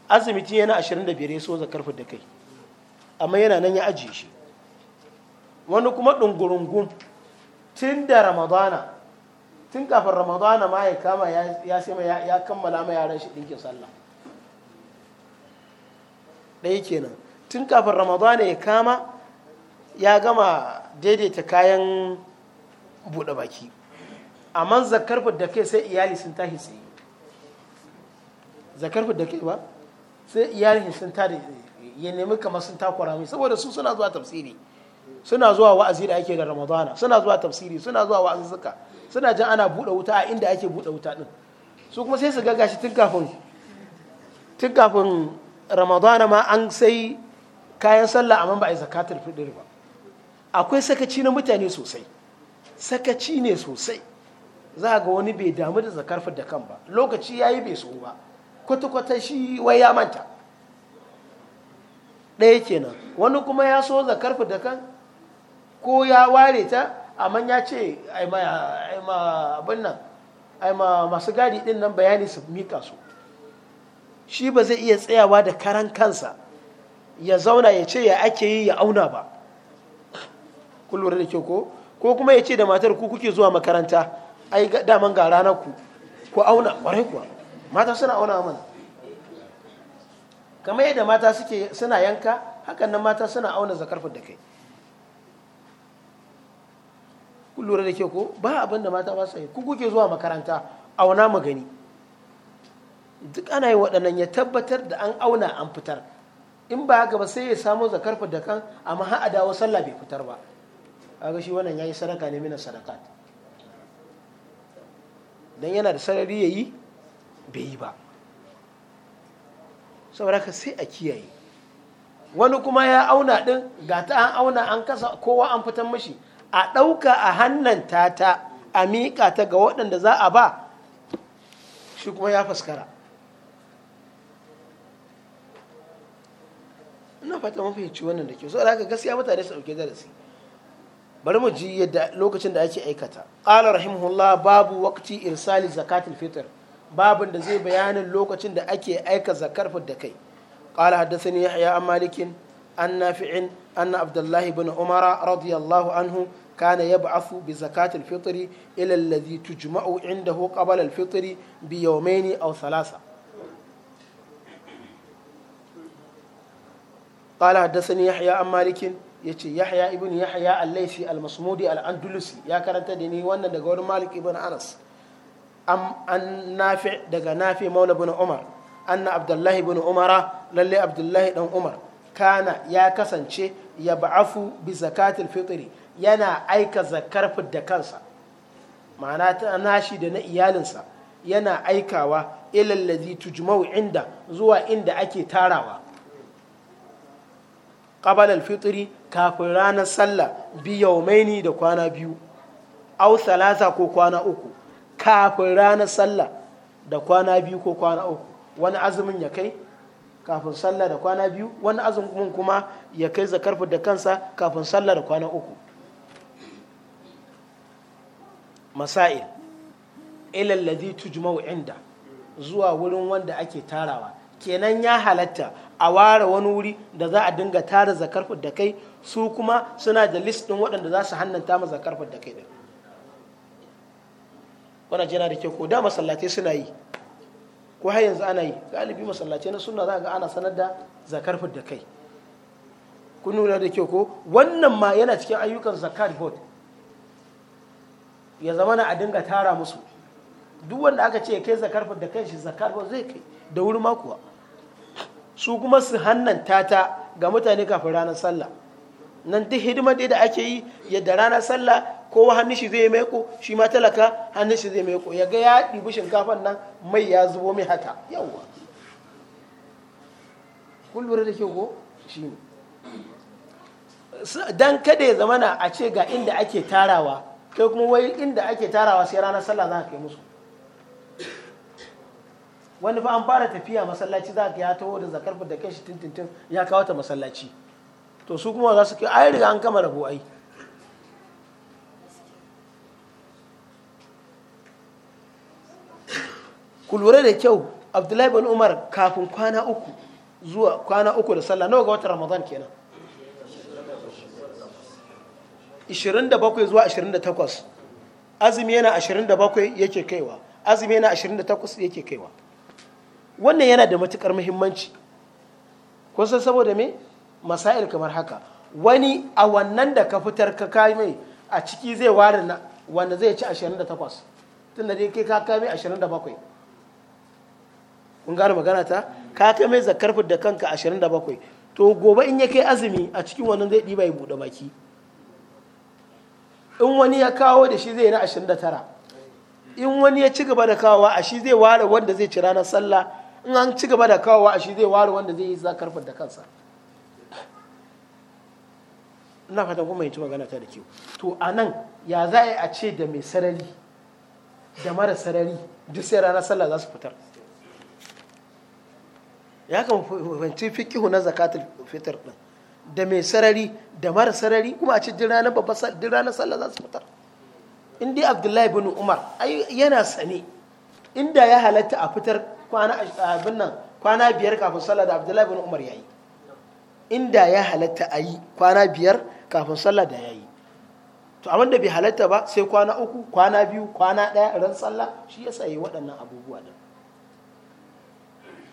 azumiti yana 25 ya so zakar da kai amma yana nan ya ajiye shi wani kuma ɗungurungun tun da ramadana tun kafin ramadana ma ya kama ya sai ya kammala ma yaran shi ɗinkin sallah ɗaya kenan tun kafin ramadana ya kama ya gama daidaita kayan buɗe baki amma zakar da kai sai iyali sun tashi tsaye zakar da kai ba sai iyali sun tashi tsaye ya nemi kamar sun takwara mai saboda su suna zuwa tafsiri suna zuwa wa'azi da ake ga ramadana suna zuwa tafsiri suna zuwa wa'azuzzuka suna jin ana buɗe wuta a inda ake buɗe wuta ɗin su kuma sai su ga gashi tun kafin tun kafin ramadana ma an sai kayan sallah amma ba a yi zakatul fitr ba akwai sakaci na mutane sosai sakaci ne sosai za ga wani bai damu da zakar da kan ba lokaci ya yi bai so ba kwata-kwata shi wai ya manta ɗaya kenan wani kuma ya so zakar da kan ko ya ware ta amma ya ce aima abin nan ma masu gadi din nan bayani su mika su shi ba zai iya tsayawa da karan kansa ya zauna ya ce ya ake yi ya auna ba kun lura da kyau ko ko kuma ya ce da matar ku kuke zuwa makaranta ai daman ga ranar ku ku auna ƙwarai kuwa mata suna auna mana kamar yadda mata suke suna yanka hakan nan mata suna auna zakarfin da kai kun lura da ke ko ba abin da mata ba su yi kuke zuwa makaranta auna mu gani duk ana yi waɗannan ya tabbatar da an auna an fitar in ba haka ba sai ya samo zakar fadakan amma har a dawo sallah bai fitar ba kaga shi wannan yayi sadaka ne mina sadaka dan yana da sarari yayi bai yi ba saboda ka sai a kiyaye wani kuma ya auna din ga ta an auna an kasa kowa an fitar mashi a ɗauka a hannanta ta a miƙa ta ga waɗanda za a ba shi kuma ya faskara ina fata mafahimci wannan da ke so da haka gaskiya mutane su ɗauke darasi bari mu ji yadda lokacin da ake aikata ƙala rahimahullah babu wakti irsali zakatul fitr babin da zai bayanin lokacin da ake aika zakar da kai ƙala haddasa ni yahya an malikin an nafi'in أن عبد الله بن عمر رضي الله عنه كان يبعث بزكاة الفطر إلى الذي تجمع عنده قبل الفطر بيومين أو ثلاثة قال حدثني يحيى عن مالك يتي يحيى ابن يحيى الليثي المصمودي الأندلسي يا كرنت دني وانا دغور مالك ابن أنس أم أن نافع دغ نافع مولى بن عمر أن عبد الله بن عمر للي عبد الله بن عمر kana ya kasance ya ba'afu bi zakatul fitri yana aika zakar da kansa ma'ana ta nashi da na iyalinsa yana aikawa ilallazi tujmau inda zuwa inda ake tarawa qabala alfitri kafin ranar sallah bi yawmaini da kwana biyu aw salasa ko kwana uku kafin ranar sallah da kwana biyu ko kwana uku wani azumin ya kai kafin sallah da kwana biyu wani azumin kuma ya kai zakar da kansa kafin sallah da kwana uku masail ilalladhi tujma'u inda zuwa wurin wanda ake tarawa kenan ya halatta a ware wani wuri da za a dinga tara zakar da kai su kuma suna da list ɗin waɗanda za su hannanta ma zakar da kai din wannan da ke ko da masallatai suna yi ko har yanzu ana yi galibi masallaci na sunna za ga ana sanar da zakar da kai Ku nuna da kyau ko wannan ma yana cikin ayyukan zakar board ya zama na a dinga tara musu duk wanda aka ce kai zakar da kai shi zakar board zai kai da wuri ma kuwa su kuma su hannan tata ga mutane kafin ranar sallah nan duk hidimar da ake yi yadda ranar sallah kowa hannun shi zai ko shi ma talaka hannun shi zai ko ya ga ya ɗibi shinkafan nan mai ya zubo mai haka yawwa kun lura da kyau ko shi ne dan kada ya zamana a ce ga inda ake tarawa kai kuma wai inda ake tarawa sai ranar sallah za ka kai musu wani fa an fara tafiya masallaci za ka ya taho da zakar da kai shi tintintin ya kawo ta masallaci to su kuma za su kai ai riga an kama rabu ai ku da kyau abdullahi bin umar kafin kwana uku zuwa kwana uku da sallah nawa ga watan ramadan kenan 27 zuwa 28 azumi yana 27 yake kaiwa azumi yana 28 yake kaiwa wannan yana da matukar muhimmanci san saboda me masail kamar haka wani a wannan da ka fitar ka kai mai a ciki zai ware wanda zai ci 28 da dai kai ka kai mai 27 kun gane magana ta ka kai mai zakarfi da kanka 27 to gobe in ya kai azumi a cikin wannan zai ɗiba ya buɗe baki in wani ya kawo da shi zai na 29 in wani ya ci gaba da kawowa a shi zai ware wanda zai ci ranar sallah in an ci gaba da kawowa a shi zai ware wanda zai yi zakarfi da kansa ina fatan kuma yanci magana ta da kyau to a nan ya za a ce da mai sarari da mara sarari duk sai ranar sallah za su fitar ya kama fahimci fikihu na zakatul fitr din da mai sarari da mara sarari kuma a ce duk ranar babba duk ranar sallah za su fitar in dai abdullahi bin umar ai yana sane inda ya halatta a fitar kwana abin nan kwana biyar kafin sallah da abdullahi bin umar yayi inda ya halatta a yi kwana biyar kafin sallah da yayi to abin da bai halatta ba sai kwana uku kwana biyu kwana ɗaya ran sallah shi yasa yi waɗannan abubuwa din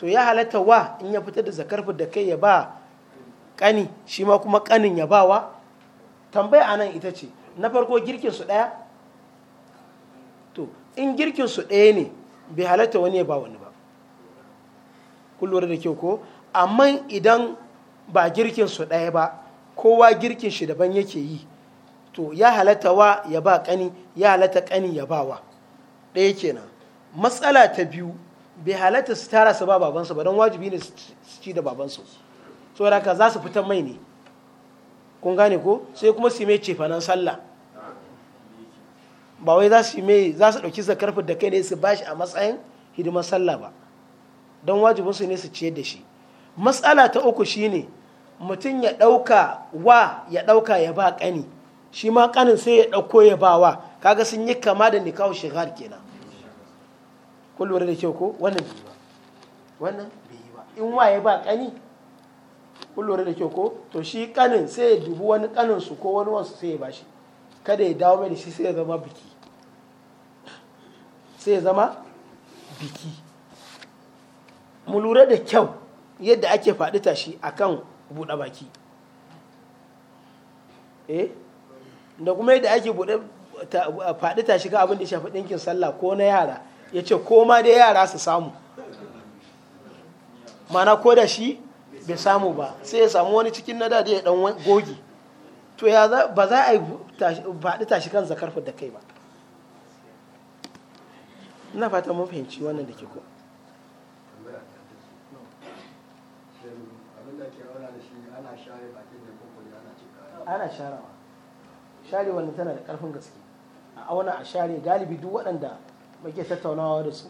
to ya halatta wa in ya fitar da zakarfi da kai ya ba kani shi ma kuma kanin ya wa? tambaya a nan ita ce na farko girkin su ɗaya to in girkin su ɗaya ne bai halatta wani ya ba wani ba kullum da kyau ko amma idan ba girkin su ɗaya ba kowa girkin shi daban yake yi to ya halatta wa ya ba kani ya halatta kani ya ba wa ɗaya kenan matsala ta biyu bai halatta su tara su ba babansu ba don wajibi ne su ci da babansu da ka za su fitan mai ne kun gane ko sai kuma su mai cefanen sallah ba wai za su mai za su ɗauki karfi da kai ne su bashi a matsayin hidimar sallah ba don wajibinsu ne su ciyar da shi matsala ta uku shine mutum ya ɗauka wa ya ɗauka ya ba kani shi ma ƙanin sai ya ɗauko ya ba wa kaga sun yi kama da nikahu shigar kenan kun lura da kyau ko wannan bai yi ba wannan bai yi ba in waye ba kani kun lura da kyau ko to shi kanin sai ya dubi wani kanin su ko wani wasu sai ya bashi kada ya dawo mai da shi sai ya zama biki sai ya zama biki mu lura da kyau yadda ake faɗi tashi akan buɗe baki eh da kuma yadda ake faɗi tashi ga abin da ya shafi ɗinkin sallah ko na yara ya ce ko dai yara su samu mana ko da shi bai samu ba sai ya samu wani cikin na da ya dan gogi to ya ba za a yi faɗi tashi kan zakarfa da kai ba ina fata mun fahimci wannan da ke ko ana sharawa sharewa ne tana da ƙarfin gaske a auna a share galibi duk waɗanda muke tattaunawa da su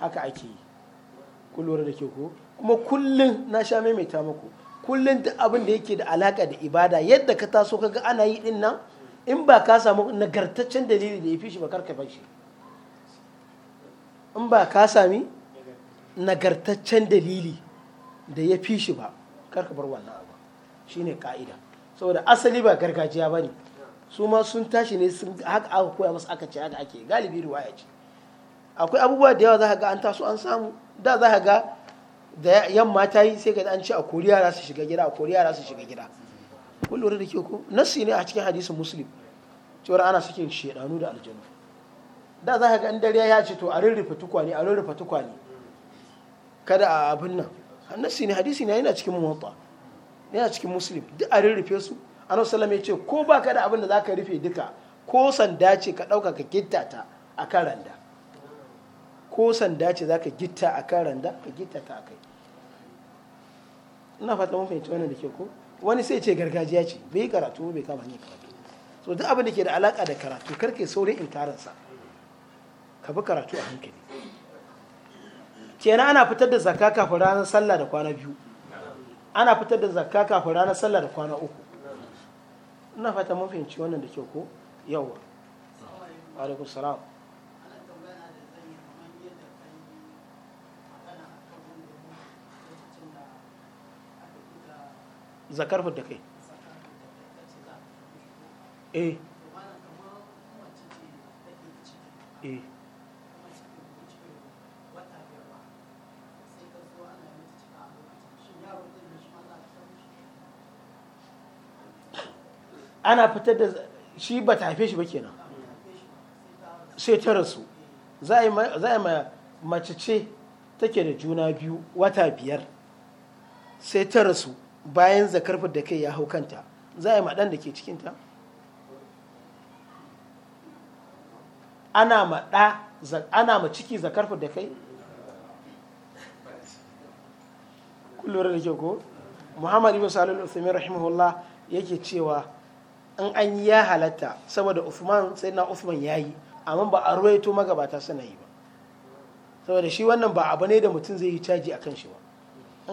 haka ake yi kullum da ke ko kuma kullum na sha maimaita muku kullum da abin da yake da alaka da ibada yadda ka taso kaga ana yi din nan in ba ka samu nagartaccen dalili da ya fi shi ba ka bar shi in ba ka sami nagartaccen dalili da ya fi shi ba karka bar wannan abu shine ka'ida saboda asali ba gargajiya ba ne su ma sun tashi ne sun haka aka koya masu aka ce haka ake galibi ya ce akwai abubuwa da yawa za ka ga an taso an samu da za ka ga da yamma ta yi sai ka an ce a koriya za su shiga gida a koriya za su shiga gida kun lura da ke ko nassi ne a cikin hadisin muslim cewar ana sakin shedanu da aljanu da za ka ga in dare ya ce to a rurrufe tukwane a rurrufe tukwane kada a abin nan nassi ne hadisi ne yana cikin muwatta yana cikin muslim duk a rurrufe su annabi sallallahu ya ce ko ba ka da abin da za ka rufe duka ko sanda ce ka ɗauka ka gitta ta a kan randa ko sanda ce za ka gitta a kan randa ka gitta ta a kai ina fata mun fahimci wannan da ke ko wani sai ce gargajiya ce bai karatu bai kama ne karatu so duk abin da ke da alaka da karatu karke saurin inkarinsa ka bi karatu a hankali kenan ana fitar da zakka kafin ranar sallah da kwana biyu ana fitar da zakka kafin ranar sallah da kwana uku ina fata mun fahimci wannan da ke ko yawa alaikum salam zakarfar da kai eh. eh ana fitar da shi ba ta haife shi ba kenan sai ta rasu za a yi mace ce take da juna biyu wata biyar sai ta rasu bayan zakar da kai ya hau kanta za a yi maɗan da ke cikinta ana ana ma ciki zakar da kai kullum da ke ko muhammad ibn salil uthman rahimahullah yake cewa in an yi ya halatta saboda Usman sai na Usman ya yi amma ba a ruwaito magabata suna yi ba saboda shi wannan ba abu ne da mutum zai yi caji a kan shi ba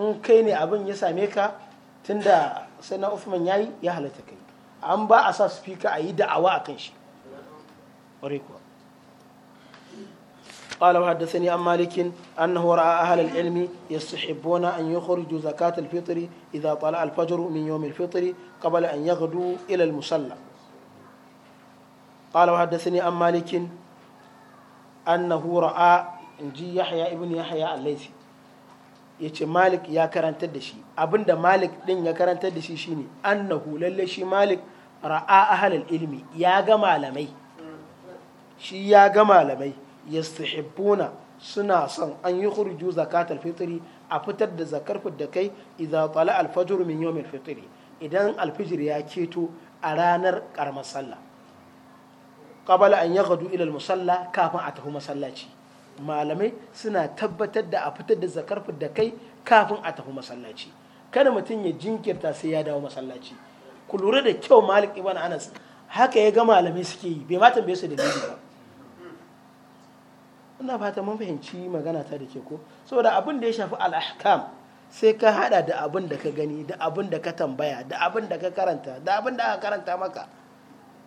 in kai ne abin ya same ka tunda sai na Uthman yayi ya halatta kai an ba a sa speaker a yi da'awa a kan shi ƙwarai kuwa قال وحدثني عن مالك أنه رأى أهل العلم يستحبون أن يخرجوا زكاة الفطر إذا طلع الفجر من يوم الفطر قبل أن يغدوا إلى المصلى قال وحدثني عن مالك أنه رأى جي يحيى ابن يحيى الليثي ya ce malik ya karantar da shi abinda malik din ya karantar da shi shine annahu lalle shi malik ra'a halal ilmi ya ga malamai shi ya ga malamai ya yastahibbuna suna son an yi khurju zakatul fitiri a fitar da zakar da kai idza tala al fajr min yawm al fitri idan al ya keto a ranar karamar sallah qabala an yaghdu ila al musalla kafin a tafi masallaci malamai suna tabbatar da a fitar da zakar da kai kafin a tafi masallaci kada mutum ya jinkirta sai ya dawo masallaci ku lura da kyau malik ibn anas haka ya ga malamai suke yi bai ma bai su dalili ba ina fata mun fahimci magana ta da ke ko saboda abin da ya shafi al sai ka hada da abin da ka gani da abin da ka tambaya da abin da ka karanta da abin da aka karanta maka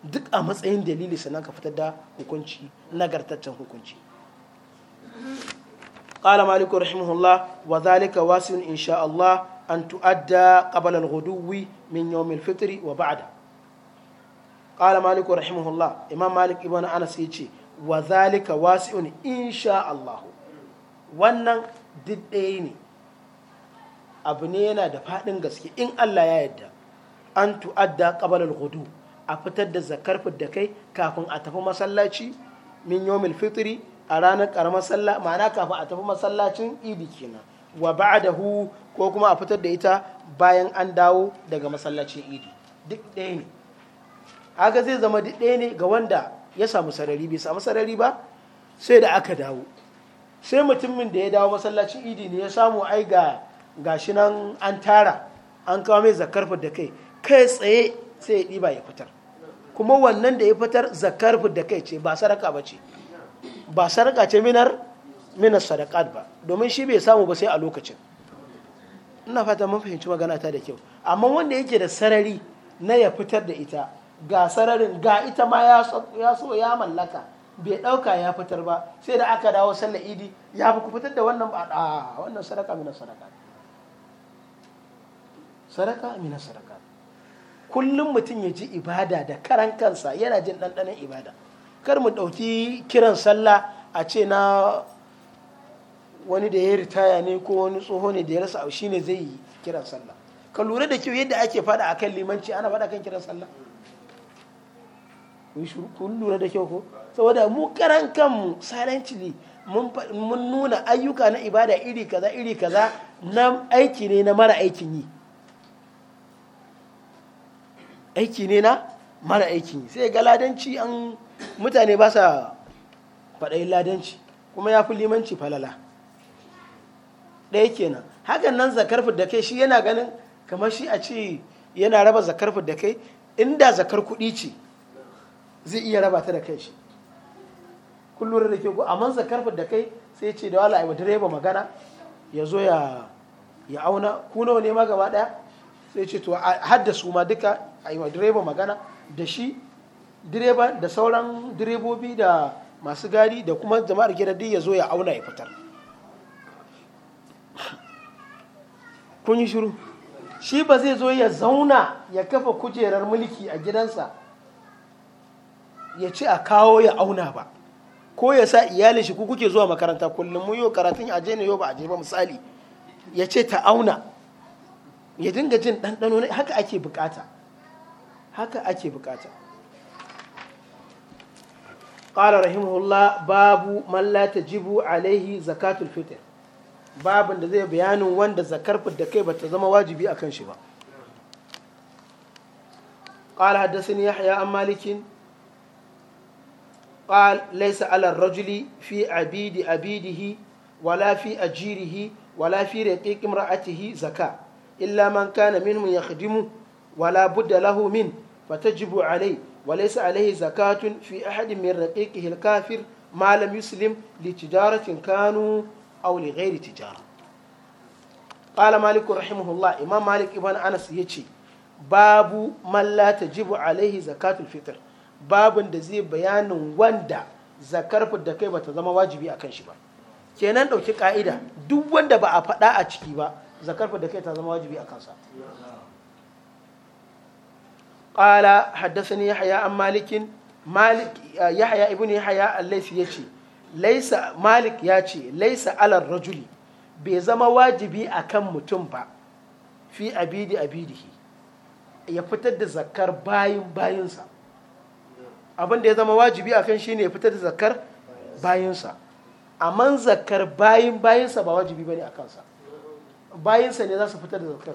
duk a matsayin dalili sannan ka fitar da hukunci nagartaccen hukunci قال مالك رحمه الله وذلك واسع إن شاء الله أن تؤدى قبل الغدو من يوم الفطر وبعده قال مالك رحمه الله إمام مالك ابن أنس يجي وذلك واسع إن شاء الله wannan duk ɗaya ne abu ne yana da faɗin gaske in Allah ya yadda an tu'adda qabalal hudu a fitar da zakar da kai kafin a tafi masallaci min yawmil fitri a ranar karamar sallah ma'ana kafin a tafi masallacin idi kenan wa ba'dahu ko kuma a fitar da ita bayan an dawo daga masallacin idi duk ɗaya ne haka zai zama duk ɗaya ne ga wanda ya samu sarari bai samu sarari ba sai da aka dawo sai mutumin da ya dawo masallacin idi ne ya samu ai ga gashi nan an tara an kawo mai zakar da kai kai tsaye sai ya ɗiba ya fitar kuma wannan da ya fitar zakar da kai ce ba saraka ba ce ba sarƙa ce minar minar sadaƙat ba domin shi bai samu ba sai a lokacin ina fata mun fahimci magana ta da kyau amma wanda yake da sarari na ya fitar da ita ga sararin ga ita ma ya so ya mallaka bai ɗauka ya fitar ba sai da aka dawo sallar idi ya fi ku fitar da wannan ba a wannan sadaka minar sadaka sadaka minar sadaka kullum mutum ya ji ibada da karan kansa yana jin ɗanɗanon ibada kar mu ɗauki kiran sallah a ce na wani da ya ritaya ne ko wani tsoho ne da ya rasa shi ne zai yi kiran sallah ka lura da kyau yadda ake fada a kan limanci ana fada kan kiran sallah kun lura da kyau ko saboda mu karan kanmu silently mun nuna ayyuka na ibada iri kaza iri kaza na aiki ne na mara aikin yi aiki ne na mara aikin yi sai galadanci an mutane ba sa faɗayin ladanci kuma ya fi limanci falala ɗaya kenan hakan nan zakar da kai shi yana ganin kamar shi a ce yana raba zakar da kai inda zakar kuɗi ce zai iya raba ta da kai shi kullum da ke ku amma zakar da kai sai ce da wala aiwa direba magana ya zo ya auna ku nawa ne ma gaba ɗaya sai ce to hadda su ma duka a wa direba magana da shi direba da sauran direbobi da masu gari da kuma jama'ar gida duk ya zo ya auna ya fitar kun yi shiru shi ba zai zo ya zauna ya kafa kujerar mulki a gidansa ya ci a kawo ya auna ba ko ya sa iyalin shi ku kuke zuwa makaranta kullum mu yau karatun a jini yau ba aje ba misali ya ce ta auna ya dinga jin ɗanɗano haka ake bukata haka ake bukata قال رحمه الله باب من لا تجب عليه زكاة الفطر babin da zai bayanin wanda zakar da kai bata zama wajibi a kan shi ba قال حدثني يحيى عن مالك قال ليس على الرجل في عبيد عبيده ولا في أجيره ولا في رقيق امرأته زكاة إلا من كان منهم يخدمه ولا بد له منه فتجب عليه walaysa alaihi zakatun fi ahadin min raqiqihi al-kafir malam lam yuslim li tijaratin kanu aw li ghairi tijara qala malik rahimahullah imam malik ibn anas yace babu man la tajibu alaihi zakatun fitr babun da zai bayanin wanda zakar da kai bata zama wajibi akan shi ba kenan ɗauki ka'ida duk wanda ba a faɗa a ciki ba zakar da kai ta zama wajibi a kansa قال حدثني يحيى عن مالك مالك yace ابن يحيى الليث يجي ليس مالك يجي ليس على الرجل بزما واجبي أكم متنبع في أبيد أبيده ya fitar da zakar bayin bayinsa abin ya zama wajibi a kan ya fitar da zakar bayinsa amma zakar bayin bayinsa ba wajibi ne a kansa bayinsa ne za su fitar da zakar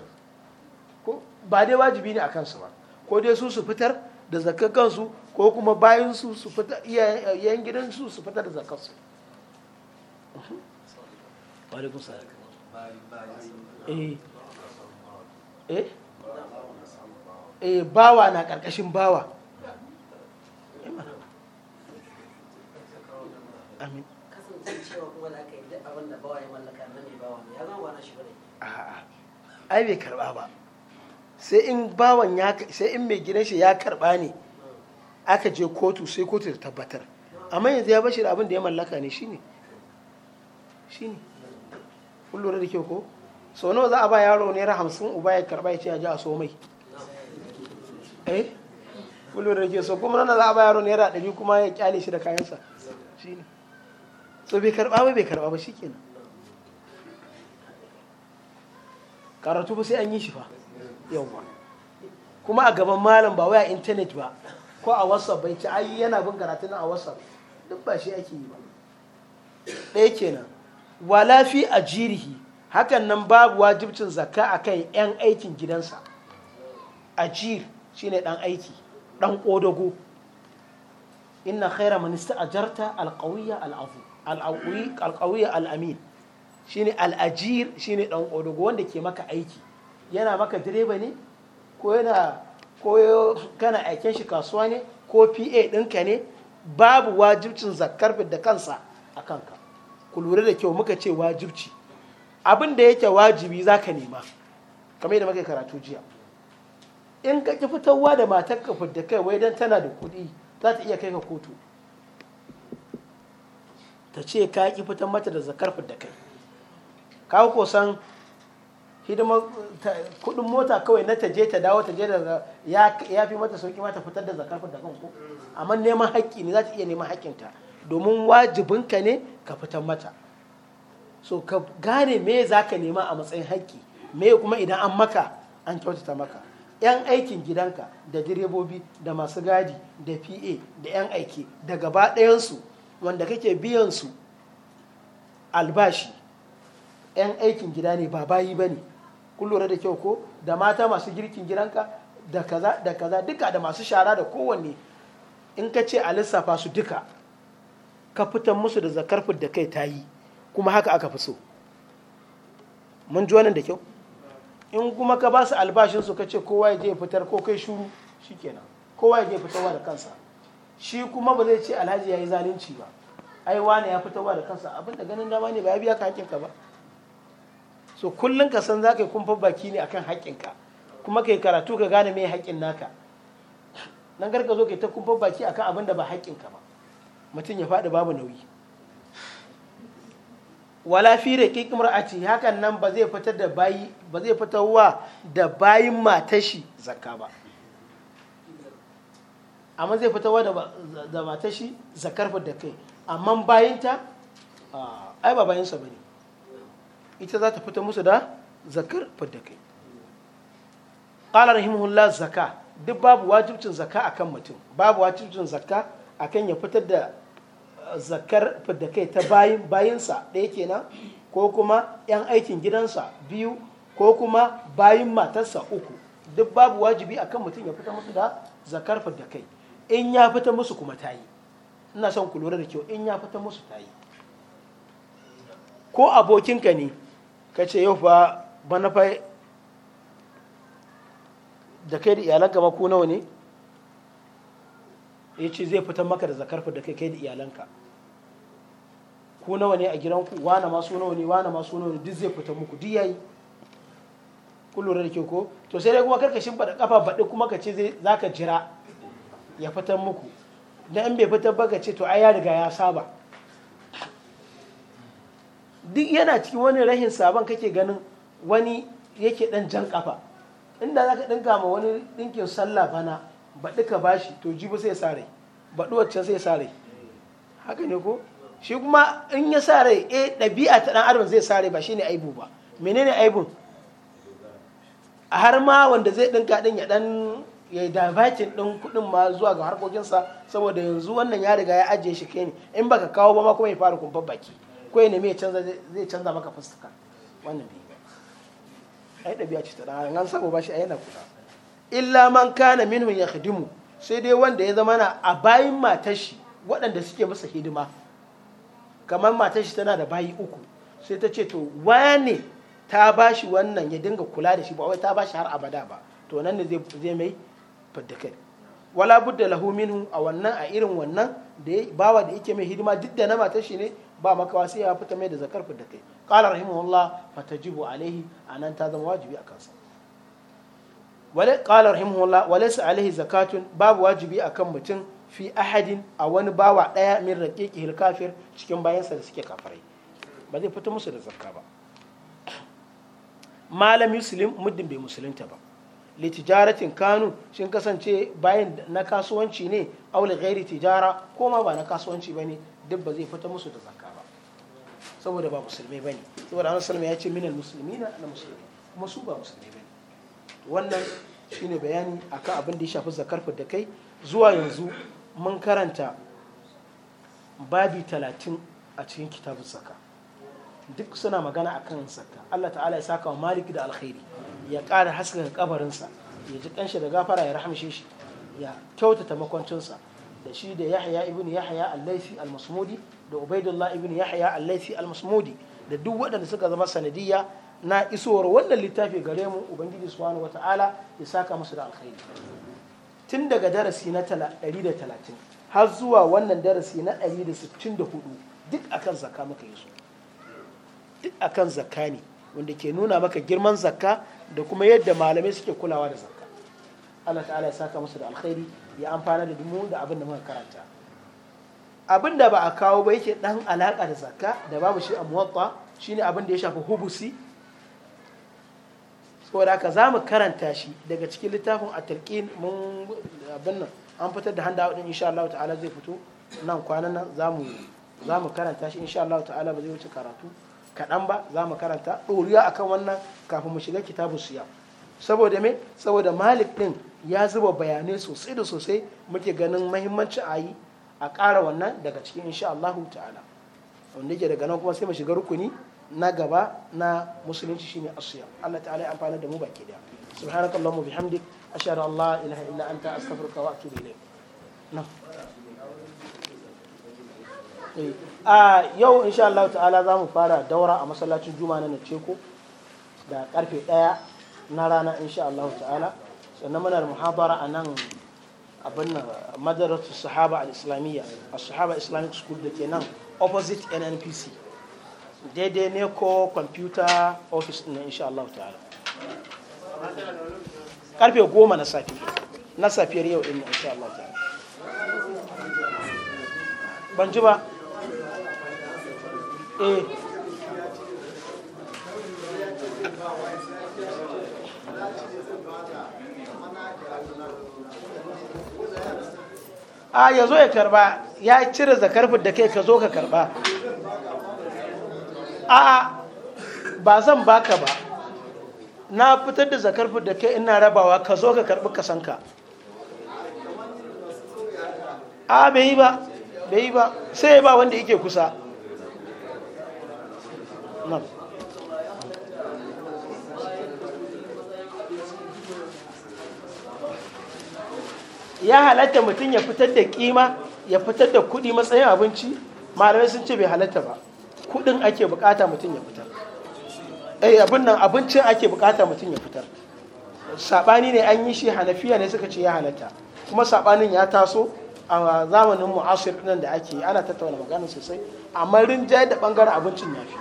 ba dai wajibi ne a kansu ba ko dai su su fitar da zakar kansu ko kuma bayan su su fitar iyayen gidan su su fitar da zakar su eh. Eh? eh bawa na karkashin bawa amin kasancewa kuma da aka yi bawa ya mallaka nan ne bawa ya zama na shi bane a'a ai bai karba ba sai in bawan ya sai in mai gidan shi ya karba ne aka je kotu sai kotu ta tabbatar amma yanzu ya bashi da abin da ya mallaka ne shine shine kun lura da kyau ko sau nawa za a ba yaro naira hamsin uba ya karba ya ce ya ji a so mai eh kun lura da kyau so kuma nan za a ba yaro naira ɗari kuma ya kyale shi da kayansa shine so bai karba ba bai karba ba shikenan karatu ba sai an yi shi fa yawwa kuma a gaban malam ba waya intanet ba ko a whatsapp bai ci ayi yana bin karatun a whatsapp duk ba shi ake yi ba ɗaya kenan wala fi ajirihi hakan nan babu wajibcin zakka akan yan aikin gidansa ajir shine dan aiki dan kodogo inna khaira man ista'jarta alqawiyya al'afu alqawiyya al'amin shine al'ajir shine dan kodogo wanda ke maka aiki yana maka direba ne ko yana ko kana aiken shi kasuwa ne ko pa ɗinka ne babu wajibcin zakar da kansa a kanka ku lura da kyau muka ce wajibci abin da yake wajibi za ka nema kamar yadda muka karatu jiya in ka ki fitowa da matar ka da kai wai dan tana da kuɗi za ta iya kai ka kotu ta ce ka ki fitar mata da zakar da kai ka kosan san hidimar kudin mota kawai na taje ta dawo ta je da ya fi mata sauki mata fitar da zakafin da kanku amma neman haƙƙi ne za ta iya neman haƙƙinta domin wajibin ka ne ka fitar mata so ka gane me za ka nema a matsayin haƙƙi me kuma idan an maka an kyautata maka yan aikin gidanka da direbobi da masu gadi da pa da yan aiki da gaba ɗayansu wanda kake biyan su albashi yan aikin gida ne ba bayi ba ne kun lura da kyau ko da mata masu girkin gidanka da kaza da kaza duka da masu shara da kowanne in ka ce a lissafa su duka ka fitan musu da zakar da kai ta yi kuma haka aka fi so mun ji wannan da kyau in kuma ka ba su albashin su ka ce kowa ya je fitar ko kai shuru shikenan kowa ya je fitarwa da kansa shi kuma ba zai ce alhaji ya yi zalunci ba ai wane ya fitarwa da kansa abin da ganin dama ne ba ya biya ka hakinka ba so kullum ka san za ka yi kumfan baki ne akan haƙƙinka kuma ka yi karatu ka gane mai haƙƙin naka nan garka zo ka yi ta kumfan baki akan abin da ba haƙƙinka ba mutum ya faɗi babu nauyi wala fi da kikimar a ce hakan nan ba zai fitar da bayi ba zai wa da bayin matashi zakka ba amma zai wa da matashi zakar da kai amma bayinta ai ba bayinsa ba ne ita za ta fita musu da zakar fidda kai qala rahimahullah zaka duk babu wajibcin zaka akan mutum babu wajibcin zaka akan ya fitar da uh, zakar fidda kai ta bayin bayinsa ɗaya kenan ko kuma yan aikin gidansa biyu ko kuma bayin matarsa uku duk babu wajibi akan mutum ya fita musu da zakar fidda kai in ya fita musu kuma ta yi ina son ku lura da kyau in ya fita musu ta yi ko abokinka ne ka ce yau fa bana fai da kai da iyalanka ma ku nawa ne ya ce zai fitan maka da zakarfa da kai da iyalanka ku nawa ne a gidanku wane ma su nawa ne wane masu nawa ne duk zai fitan muku duk yayi ku lura da kyau ko to sai dai kuma karka shimfa kafa baɗi kuma ka ce zai zaka jira ya fitan muku dan in bai fitan ba ka ce to ai ya riga ya saba duk yana cikin wani rahin sabon kake ganin wani yake dan jan kafa inda za ka dinka ma wani dinkin sallah bana ba duka bashi to jibi sai sa rai ba duwacce sai sa rai haka ne ko shi kuma in ya sa rai eh, ɗabi'a ta dan adam zai sare rai ba ne aibu ba menene aibun har ma wanda zai dinka din ya dan ya yi davakin ɗin kuɗin ma zuwa ga harkokinsa saboda yanzu wannan ya riga ya ajiye shi kai ne in baka kawo ba ma kuma ya fara kumfa baki ko ya nemi zai canza maka fuska wannan bi ba yi ɗabi'a ce ta ɗan an samu ba shi a yana kula illa man kana minhum hidimu sai dai wanda ya zama na a bayin matar waɗanda suke masa hidima kamar matar tana da bayi uku sai ta ce to wane ta ba shi wannan ya dinga kula da shi ba wai ta ba shi har abada ba to nan ne zai mai faddakar wala budda lahu minhu a wannan a irin wannan da bawa da yake mai hidima duk da na matar ne ba maka wasi ya fita mai da zakar da kai qala fata jibu alaihi nan ta zama wajibi akan sa wale qala wale su alaihi zakatun babu wajibi akan mutum fi ahadin a wani bawa daya min raqiqihil hilkafir cikin bayansa da suke kafarai ba zai fita musu da zakka ba malam muslim muddin bai musulunta ba litijaratin kanu shin kasance bayan na kasuwanci ne aule gairi tijara ko ma ba na kasuwanci ba ne duk ba zai fita musu da zakka saboda ba musulmi bane saboda annabi sallallahu ya ce minal muslimina na musulmi kuma su ba musulmi bane wannan shine bayani akan abin da ya shafi zakar da kai zuwa yanzu mun karanta babi talatin a cikin kitabun saka. duk suna magana a kan zakka Allah ta'ala ya saka wa Maliki da alkhairi ya ƙara haskaka kabarinsa ya ji ƙanshi da gafara ya rahamshe shi ya kyautata makwancinsa da shi da yahya ibn yahya al-laifi al-masmudi da ubaidullah ibn yahya al-laifi al-masmudi da duk waɗanda suka zama sanadiyya na isowar wannan littafi gare mu ubangiji subhanahu wata'ala ya saka musu da alkhairi tun daga darasi na 130 har zuwa wannan darasi na 164 duk akan zakka muka yi su duk akan zakka ne wanda ke nuna maka girman zakka da kuma yadda malamai suke kulawa da zakka Allah ta'ala ya saka musu da alkhairi ya amfana da dumu da abin da muka karanta abin da ba a kawo ba yake dan alaka da zakka da babu shi a muwatta shine abin da ya shafi hubusi saboda haka za mu karanta shi daga cikin littafin a talqin mun abin nan an fitar da handa din insha Allah ta'ala zai fito nan kwanan nan za mu za mu karanta shi insha Allah ta'ala ba zai wuce karatu kaɗan ba za mu karanta ɗoriya akan wannan kafin mu shiga kitabu siya saboda me saboda malik din. ya zuba bayanai sosai da sosai muke ganin mahimmanci a yi a ƙara wannan daga cikin insha Allahu ta'ala wanda yake daga nan kuma sai mu shiga rukuni na gaba na musulunci shine asiya Allah ta'ala ya amfana da mu baki daya subhanakallahumma bihamdik ashhadu an la ilaha illa anta astaghfiruka wa atubu ilayk eh, a yau insha Allah ta'ala za mu fara daura a masallacin juma'a na ko da karfe 1 na rana insha Allah ta'ala sannan muna da muhabara a nan abin nan madarar sahaba al-islamiyya a sahaba islamic school da ke nan opposite nnpc daidai ne ko computer office ɗin insha Allah ta'ala karfe goma na safi na safiyar yau ɗin insha Allah ta'ala ban ji ba eh a ya zo ya karba ya cire zakar da kai ka zo ka karba a ba zan baka ba na fitar da zakar da kai ina rabawa ka zo ka karbi kasanka a bai yi ba bai yi ba sai ba wanda yake kusa nan ya halatta mutum ya fitar da kima ya fitar da kuɗi matsayin abinci malamai sun ce bai halatta ba kuɗin ake bukata mutum ya fitar eh, abin nan abincin ake bukata mutum ya fitar saɓani ne an yi shi hanafiya ne suka ce ya halatta kuma saɓanin ya taso a zamanin mu'asir nan da ake ana tattauna magana sosai amma rinjaye da bangaren abincin ya fi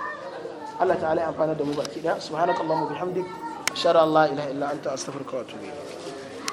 Allah ta'ala ya amfana da mu baki daya subhanakallahumma bihamdik ashhadu an la ilaha illa anta astaghfiruka wa atubu ilayk